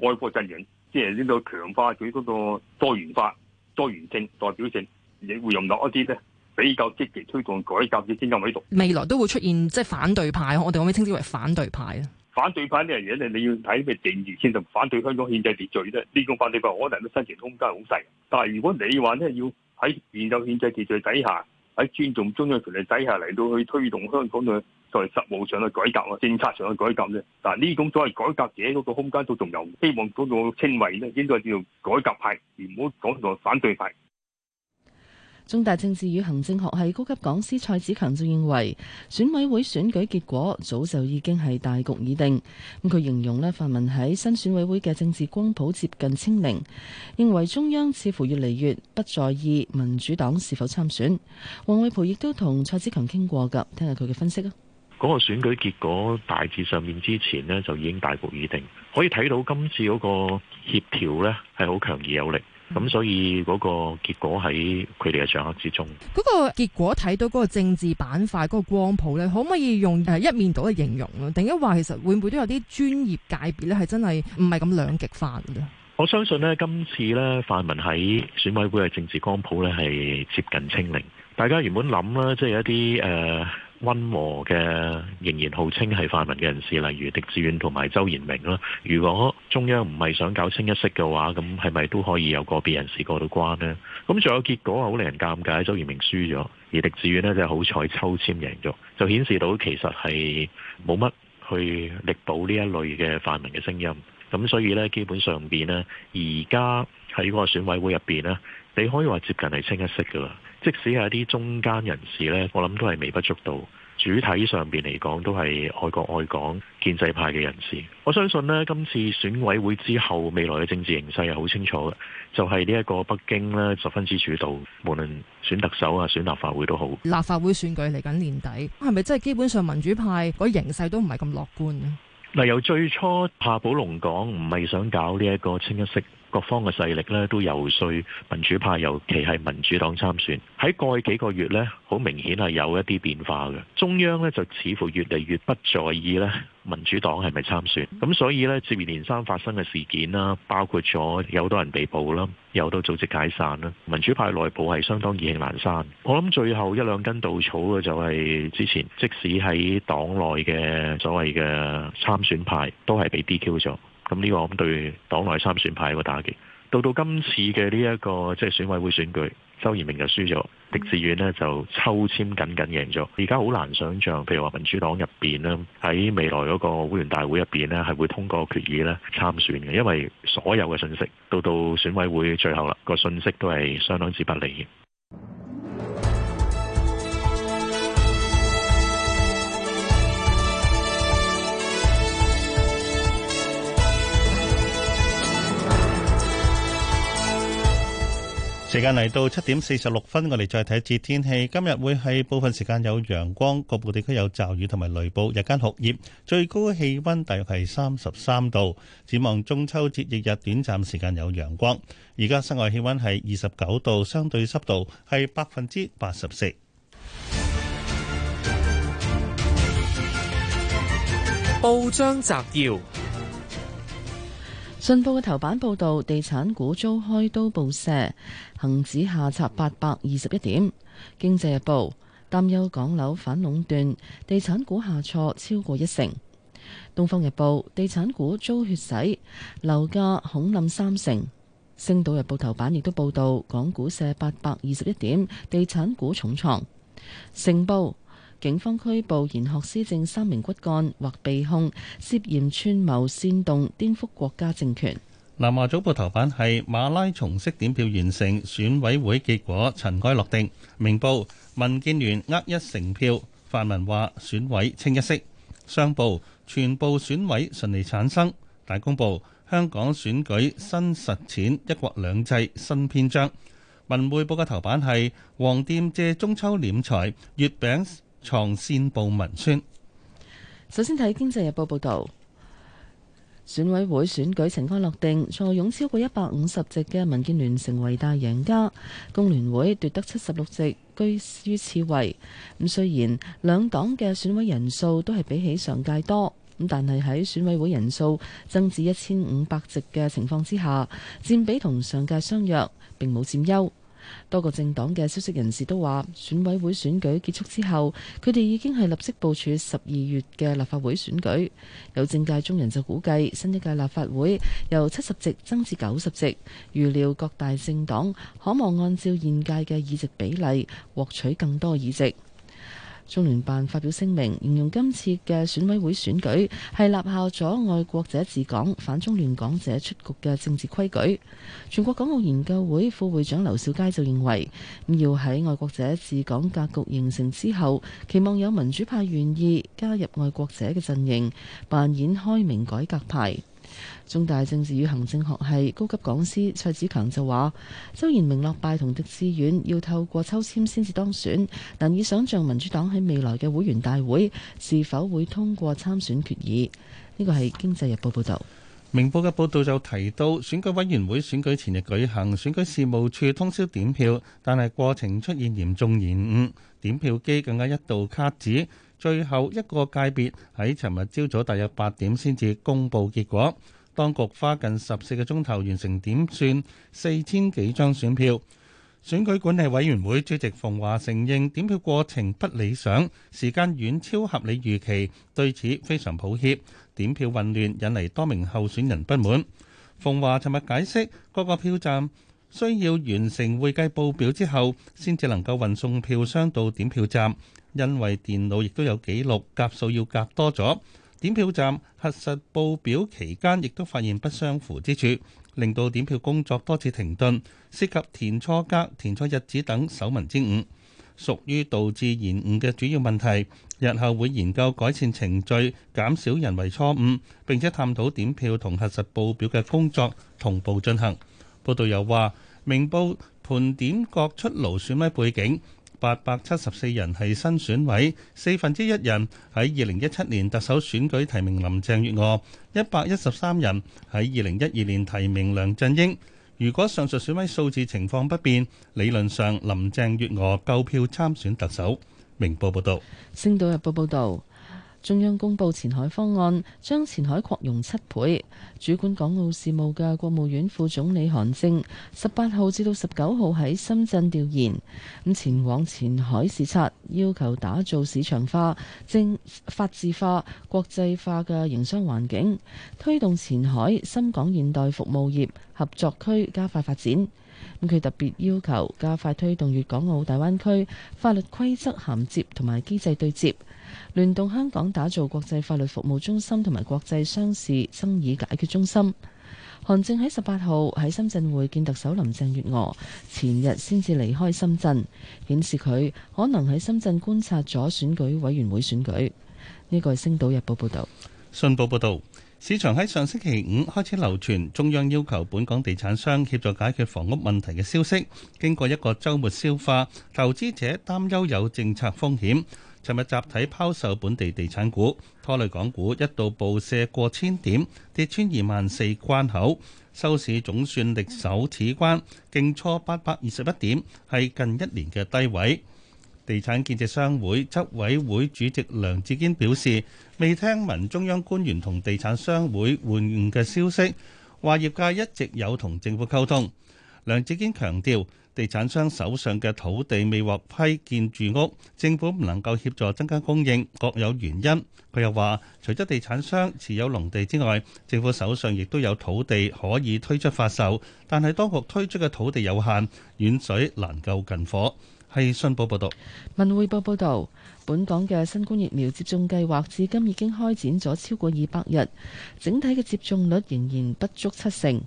愛國陣營。即係呢個強化佢嗰個多元化、多元性、代表性，也會融入一啲咧比較積極推動改革嘅專家委員。未來都會出現即係反對派，我哋可唔可以稱之為反對派啊？反對派呢樣嘢，你你要睇咩定義先得。反對香港憲制秩序咧，呢種反對派可能嘅生存空間好細。但係如果你話咧要喺現有憲制秩序底下，喺尊重中央權力底下嚟到去推動香港嘅在實務上嘅改革啊，政策上嘅改革咧，嗱呢種所謂改革者嗰個空間都仲有，希望嗰個稱謂咧應該叫做改革派，而唔好講成反對派。中大政治與行政學系高級講師蔡子強就認為，選委會選舉結果早就已經係大局已定。咁佢形容呢，泛民喺新選委會嘅政治光譜接近清零，認為中央似乎越嚟越不在意民主黨是否參選。黃偉培亦都同蔡子強傾過噶，聽下佢嘅分析啊。嗰個選舉結果大致上面之前咧就已經大局已定，可以睇到今次嗰個協調咧係好強而有力。咁所以嗰個結果喺佢哋嘅掌握之中。嗰個結果睇到嗰個政治板塊嗰個光譜咧，可唔可以用誒一面倒嘅形容咯？定一話其實會唔會都有啲專業界別咧，係真係唔係咁兩極化嘅？我相信咧，今次咧，泛民喺選委會嘅政治光譜咧，係接近清零。大家原本諗啦，即係一啲誒。呃溫和嘅仍然號稱係泛民嘅人士，例如狄志遠同埋周延明啦。如果中央唔係想搞清一色嘅話，咁係咪都可以有個別人士過到關呢？咁仲有結果好令人尷尬，周延明輸咗，而狄志遠呢就好彩抽籤贏咗，就顯示到其實係冇乜去力保呢一類嘅泛民嘅聲音。咁所以呢，基本上邊呢，而家喺嗰個選委會入邊呢，你可以話接近係清一色噶啦。即使係一啲中間人士呢，我諗都係微不足道。主體上邊嚟講，都係愛國愛港建制派嘅人士。我相信呢，今次選委會之後，未來嘅政治形勢係好清楚嘅，就係呢一個北京呢，十分之主導，無論選特首啊、選立法會都好。立法會選舉嚟緊年底，係咪真係基本上民主派個形勢都唔係咁樂觀呢？嗱，由最初夏寶龍講唔係想搞呢一個清一色。各方嘅勢力咧，都游説民主派，尤其係民主黨參選。喺過去幾個月咧，好明顯係有一啲變化嘅。中央咧就似乎越嚟越不在意咧民主黨係咪參選。咁、嗯、所以咧，接二連三發生嘅事件啦，包括咗有多人被捕啦，有多組織解散啦，民主派內部係相當意興闌珊。我諗最後一兩根稻草嘅就係之前，即使喺黨內嘅所謂嘅參選派都係被 DQ 咗。咁呢個我諗對黨內參選派一個打擊，到到今次嘅呢一個即係、就是、選委會選舉，周延明就輸咗，狄、嗯、志遠呢就抽籤緊緊贏咗。而家好難想像，譬如話民主黨入邊呢，喺未來嗰個會員大會入邊呢，係會通過決議呢參選嘅，因為所有嘅信息到到選委會最後啦，個信息都係相當之不利嘅。時間嚟到七點四十六分，我哋再睇一次天氣。今日會係部分時間有陽光，局部地區有驟雨同埋雷暴。日間酷熱，最高氣溫大約係三十三度。展望中秋節翌日短暫時間有陽光。而家室外氣溫係二十九度，相對濕度係百分之八十四。報章摘要。信報嘅頭版報導，地產股遭開刀暴瀉，恒指下挫八百二十一點。經濟日報擔憂港樓反壟斷，地產股下挫超過一成。東方日報地產股遭血洗，樓價恐冧三成。星島日報頭版亦都報導，港股瀉八百二十一點，地產股重創。成報警方拘捕賢學思政三名骨幹，或被控涉嫌串謀煽動顛覆國家政權。南華早報頭版係馬拉松式點票完成，選委會結果塵埃落定。明報民建聯握一成票，泛民話選委清一色。商報全部選委順利產生。大公報香港選舉新實踐，一國兩制新篇章。文匯報嘅頭版係黃店借中秋斂財，月餅。創先報民村。首先睇《經濟日報》報道，選委會選舉塵埃落定，坐擁超過一百五十席嘅民建聯成為大贏家，工聯會奪得七十六席，居於次位。咁雖然兩黨嘅選委人數都係比起上屆多，咁但係喺選委會人數增至一千五百席嘅情況之下，佔比同上屆相若，並冇佔優。多個政黨嘅消息人士都話，選委會選舉結束之後，佢哋已經係立即部署十二月嘅立法會選舉。有政界中人就估計，新一屆立法會由七十席增至九十席，預料各大政黨可望按照現屆嘅議席比例獲取更多議席。中聯辦發表聲明，形容今次嘅選委會選舉係立下咗愛國者治港、反中亂港者出局嘅政治規矩。全國港澳研究會副會長劉兆佳就認為，要喺愛國者治港格局形成之後，期望有民主派願意加入愛國者嘅陣營，扮演開明改革派。中大政治與行政學系高級講師蔡子強就話，周延明落敗同狄志遠要透過抽籤先至當選，難以想像民主黨喺未來嘅會員大會是否會通過參選決議。呢個係《經濟日報》報道。明報嘅報道就提到，選舉委員會選舉前日舉行選舉事務處通宵點票，但係過程出現嚴重延誤，點票機更加一度卡紙，最後一個界別喺尋日朝早大約八點先至公佈結果。當局花近十四個鐘頭完成點算四千幾張選票，選舉管理委員會主席馮華承認點票過程不理想，時間遠超合理預期，對此非常抱歉。點票混亂引嚟多名候選人不滿。馮華尋日解釋，各個票站需要完成會計報表之後，先至能夠運送票箱到點票站，因為電腦亦都有記錄，夾數要夾多咗。點票站核實報表期間，亦都發現不相符之處，令到點票工作多次停頓，涉及填錯格、填錯日子等手民之誤，屬於導致延誤嘅主要問題。日後會研究改善程序，減少人為錯誤，並且探討點票同核實報表嘅工作同步進行。報道又話，明報盤點各出爐選委背景。八百七十四人係新選委，四分之一人喺二零一七年特首選舉提名林鄭月娥，一百一十三人喺二零一二年提名梁振英。如果上述選委數字情況不變，理論上林鄭月娥夠票參選特首。明報報道。《星島日報》報導。中央公布前海方案，將前海擴容七倍。主管港澳事務嘅國務院副總理韓正十八號至到十九號喺深圳調研，咁前往前海視察，要求打造市場化、政法治化、國際化嘅營商環境，推動前海深港現代服務業合作區加快發展。咁佢特別要求加快推動粵港澳大灣區法律規則銜接同埋機制對接。聯動香港打造國際法律服務中心同埋國際商事爭議解決中心。韓正喺十八號喺深圳會見特首林鄭月娥，前日先至離開深圳，顯示佢可能喺深圳觀察咗選舉委員會選舉。呢個係《星島日報》報導，《信報》報導，市場喺上星期五開始流傳中央要求本港地產商協助解決房屋問題嘅消息，經過一個週末消化，投資者擔憂有政策風險。尋日集體拋售本地地產股，拖累港股一度暴瀉過千點，跌穿二萬四關口，收市總算力守此關，勁挫八百二十一點，係近一年嘅低位。地產建設商會執委會主席梁志堅表示，未聽聞中央官員同地產商會晤嘅消息，話業界一直有同政府溝通。梁志堅強調。地產商手上嘅土地未獲批建住屋，政府唔能夠協助增加供應，各有原因。佢又話，除咗地產商持有農地之外，政府手上亦都有土地可以推出發售，但係當局推出嘅土地有限，遠水難救近火。係信報報道，文匯報報道，本港嘅新冠疫苗接種計劃至今已經開展咗超過二百日，整體嘅接種率仍然不足七成。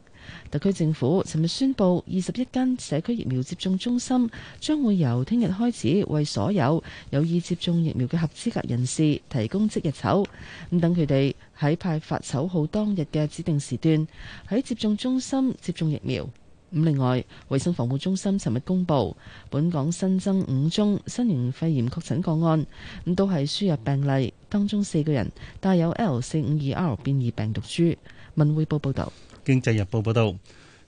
特區政府尋日宣布，二十一間社區疫苗接種中心將會由聽日開始為所有有意接種疫苗嘅合資格人士提供即日籌，咁等佢哋喺派發籌號當日嘅指定時段喺接種中心接種疫苗。咁另外，衛生防護中心尋日公布，本港新增五宗新型肺炎確診個案，咁都係輸入病例，當中四個人帶有 L 四五二 R 變異病毒株。文匯報報道。經濟日報報導，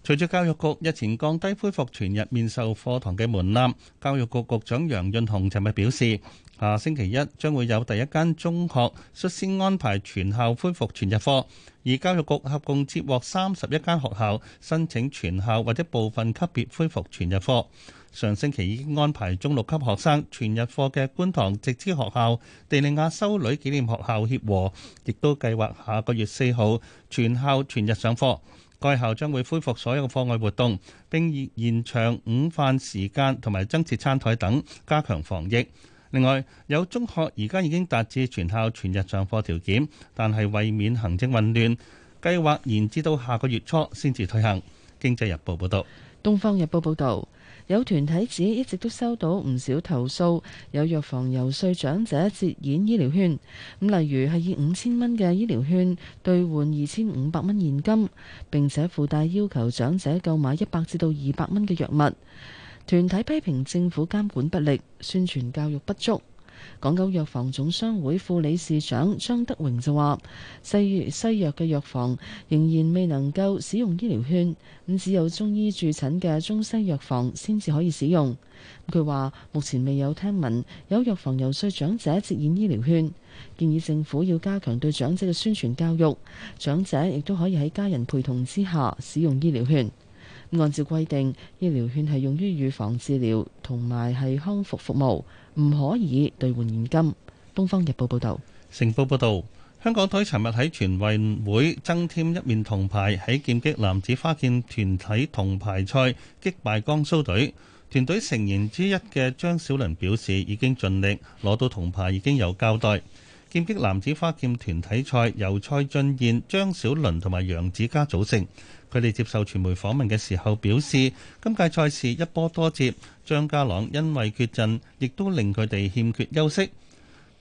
隨著教育局日前降低恢復全日面授課堂嘅門檻，教育局局長楊潤雄尋日表示，下星期一將會有第一間中學率先安排全校恢復全日課，而教育局合共接獲三十一間學校申請全校或者部分級別恢復全日課。上星期已經安排中六級學生全日課嘅觀塘直資學校地利亞修女紀念學校協和，亦都計劃下個月四號全校全日上課。該校將會恢復所有嘅課外活動，並延延長午飯時間同埋增設餐台等，加強防疫。另外，有中學而家已經達至全校全日上課條件，但係為免行政混亂，計劃延至到下個月初先至推行。經濟日報報導，東方日報報導。有團體指一直都收到唔少投訴，有藥房遊說長者節演醫療券，咁例如係以五千蚊嘅醫療券兌換二千五百蚊現金，並且附帶要求長者購買一百至到二百蚊嘅藥物。團體批評政府監管不力，宣傳教育不足。港九藥房總商會副理事長張德榮就話，細西藥嘅藥房仍然未能夠使用醫療券，咁只有中醫駐診嘅中西藥房先至可以使用。佢話目前未有聽聞有藥房游說長者接染醫療券，建議政府要加強對長者嘅宣傳教育，長者亦都可以喺家人陪同之下使用醫療券。按照規定，醫療券係用於預防治療同埋係康復服務。唔可以兌換現金。《東方日報》報道，《成報》報道：「香港隊尋日喺全運會增添一面銅牌，喺劍擊男子花劍團體銅牌賽擊敗江蘇隊。團隊成員之一嘅張小林表示，已經盡力攞到銅牌，已經有交代。劍擊男子花劍團體賽由蔡俊彥、張小倫同埋楊子嘉組成。佢哋接受傳媒訪問嘅時候表示，今屆賽事一波多折，張家朗因為缺陣，亦都令佢哋欠缺休息。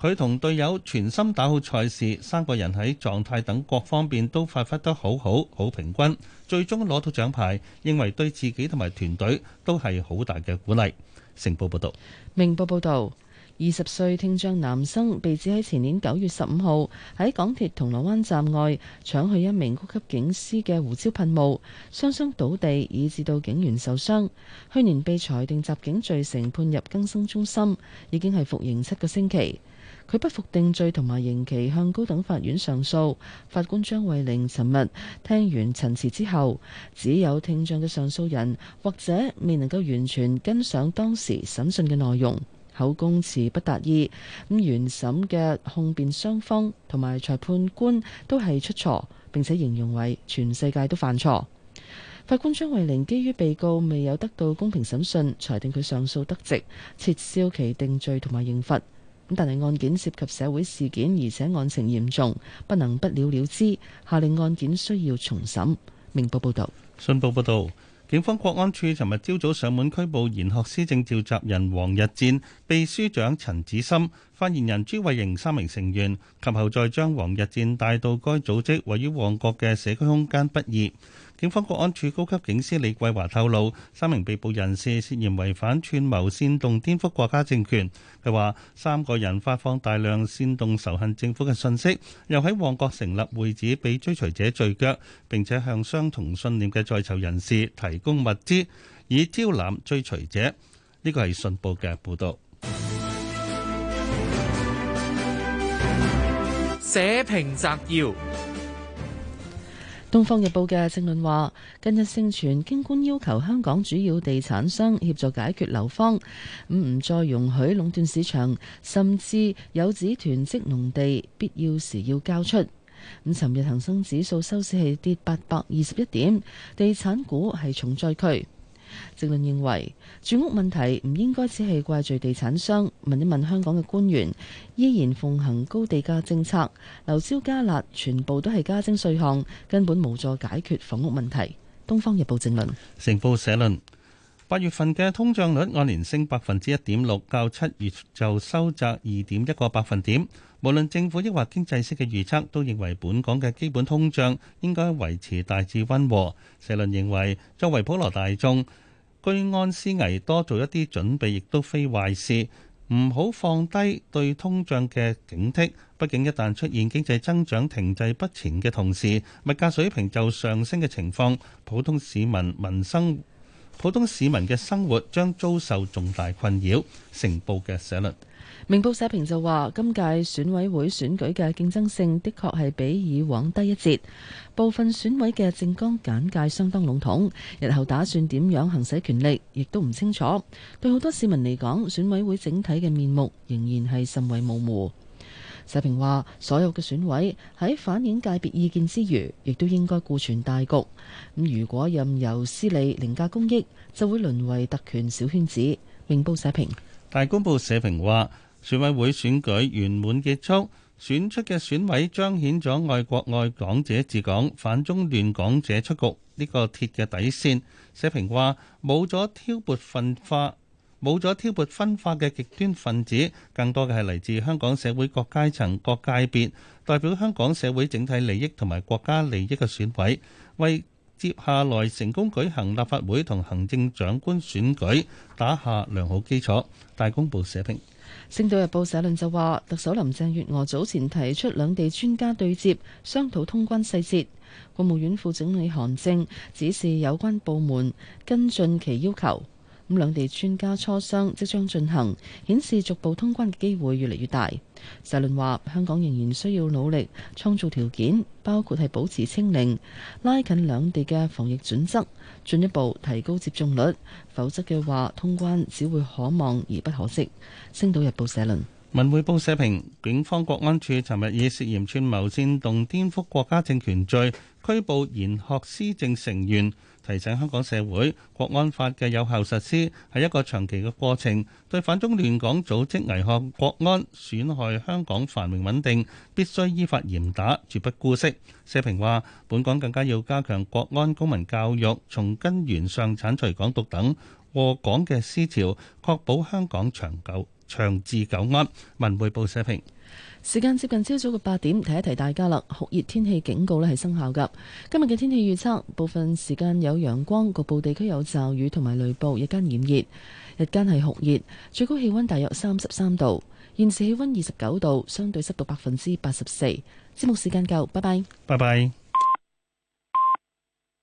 佢同隊友全心打好賽事，三個人喺狀態等各方面都發揮得好好，好平均，最終攞到獎牌，認為對自己同埋團隊都係好大嘅鼓勵。成報報道。明報報導。二十歲聽障男生被指喺前年九月十五號喺港鐵銅鑼灣站外搶去一名高級警司嘅胡椒噴霧，雙雙倒地，以致到警員受傷。去年被裁定襲警罪成，判入更生中心，已經係服刑七個星期。佢不服定罪同埋刑期，向高等法院上訴。法官張慧玲尋日聽完陳詞之後，只有聽障嘅上訴人或者未能夠完全跟上當時審訊嘅內容。口供詞不達意，咁原審嘅控辯雙方同埋裁判官都係出錯，並且形容為全世界都犯錯。法官張慧玲基於被告未有得到公平審訊，裁定佢上訴得直，撤銷其定罪同埋刑罰。咁但係案件涉及社會事件，而且案情嚴重，不能不了了之，下令案件需要重審。明報報道。信報報導。警方國安處尋日朝早上門拘捕賢學思政召集人王逸戰、秘書長陳枳森、發言人朱慧盈三名成員，及後再將王逸戰帶到該組織位於旺角嘅社區空間畢業。警方國安處高級警司李桂華透露，三名被捕人士涉嫌違反串謀煽動顛覆國家政權。佢話三個人發放大量煽動仇恨政府嘅信息，又喺旺角成立會址俾追隨者聚腳，並且向相同信念嘅在囚人士提供物資以招攬追隨者。呢個係信報嘅報道。社評摘要。《東方日報》嘅政論話：近日盛傳京官要求香港主要地產商協助解決樓荒，唔再容許壟斷市場，甚至有指囤積農地必要時要交出。咁，尋日恒生指數收市係跌八百二十一點，地產股係重災區。政論認為，住屋問題唔應該只係怪罪地產商。問一問香港嘅官員，依然奉行高地價政策，樓招加辣，全部都係加徵稅項，根本無助解決房屋問題。東方日報政論，成報社論：八月份嘅通脹率按年升百分之一點六，較七月就收窄二點一個百分點。無論政府抑或經濟師嘅預測，都認為本港嘅基本通脹應該維持大致溫和。社論認為，作為普羅大眾，居安思危，多做一啲準備，亦都非壞事。唔好放低對通脹嘅警惕，畢竟一旦出現經濟增長停滯不前嘅同時，物價水平就上升嘅情況，普通市民民生。普通市民嘅生活將遭受重大困擾，成報嘅社論。明報社評就話今屆選委會選舉嘅競爭性，的確係比以往低一截。部分選委嘅政綱簡介相當籠統，日後打算點樣行使權力，亦都唔清楚。對好多市民嚟講，選委會整體嘅面目仍然係甚為模糊。社評話：所有嘅選委喺反映界別意見之餘，亦都應該顧全大局。咁如果任由私利凌駕公益，就會淪為特權小圈子。明報社評，大公報社評話：選委會選舉圓滿結束，選出嘅選委彰顯咗愛國愛港者治港、反中亂港者出局呢、這個鐵嘅底線。社評話：冇咗挑撥分化。冇咗挑撥分化嘅極端分子，更多嘅係嚟自香港社會各階層、各界別，代表香港社會整體利益同埋國家利益嘅選委，為接下來成功舉行立法會同行政長官選舉打下良好基礎。大公報社評。《星島日報》社論就話，特首林鄭月娥早前提出兩地專家對接，商討通關細節。國務院副總理韓正指示有關部門跟進其要求。咁兩地專家磋商即將進行，顯示逐步通關嘅機會越嚟越大。社論話：香港仍然需要努力創造條件，包括係保持清零、拉近兩地嘅防疫準則，進一步提高接種率，否則嘅話，通關只會可望而不可即。星島日報社論。文匯報社評：警方國安處尋日以涉嫌串謀煽動顛覆國家政權罪拘捕言學思政成員。提醒香港社會，國安法嘅有效實施係一個長期嘅過程。對反中亂港組織危害國安、損害香港繁榮穩定，必須依法嚴打，絕不姑息。社評話，本港更加要加強國安公民教育，從根源上剷除港獨等禍港嘅思潮，確保香港長久長治久安。文匯報社評。時間接近朝早嘅八點，提一提大家啦，酷熱天氣警告呢係生效噶。今日嘅天氣預測，部分時間有陽光，局部地區有驟雨同埋雷暴，日間炎熱，日間係酷熱，最高氣溫大約三十三度，現時氣溫二十九度，相對濕度百分之八十四。節目時間夠，拜拜，拜拜。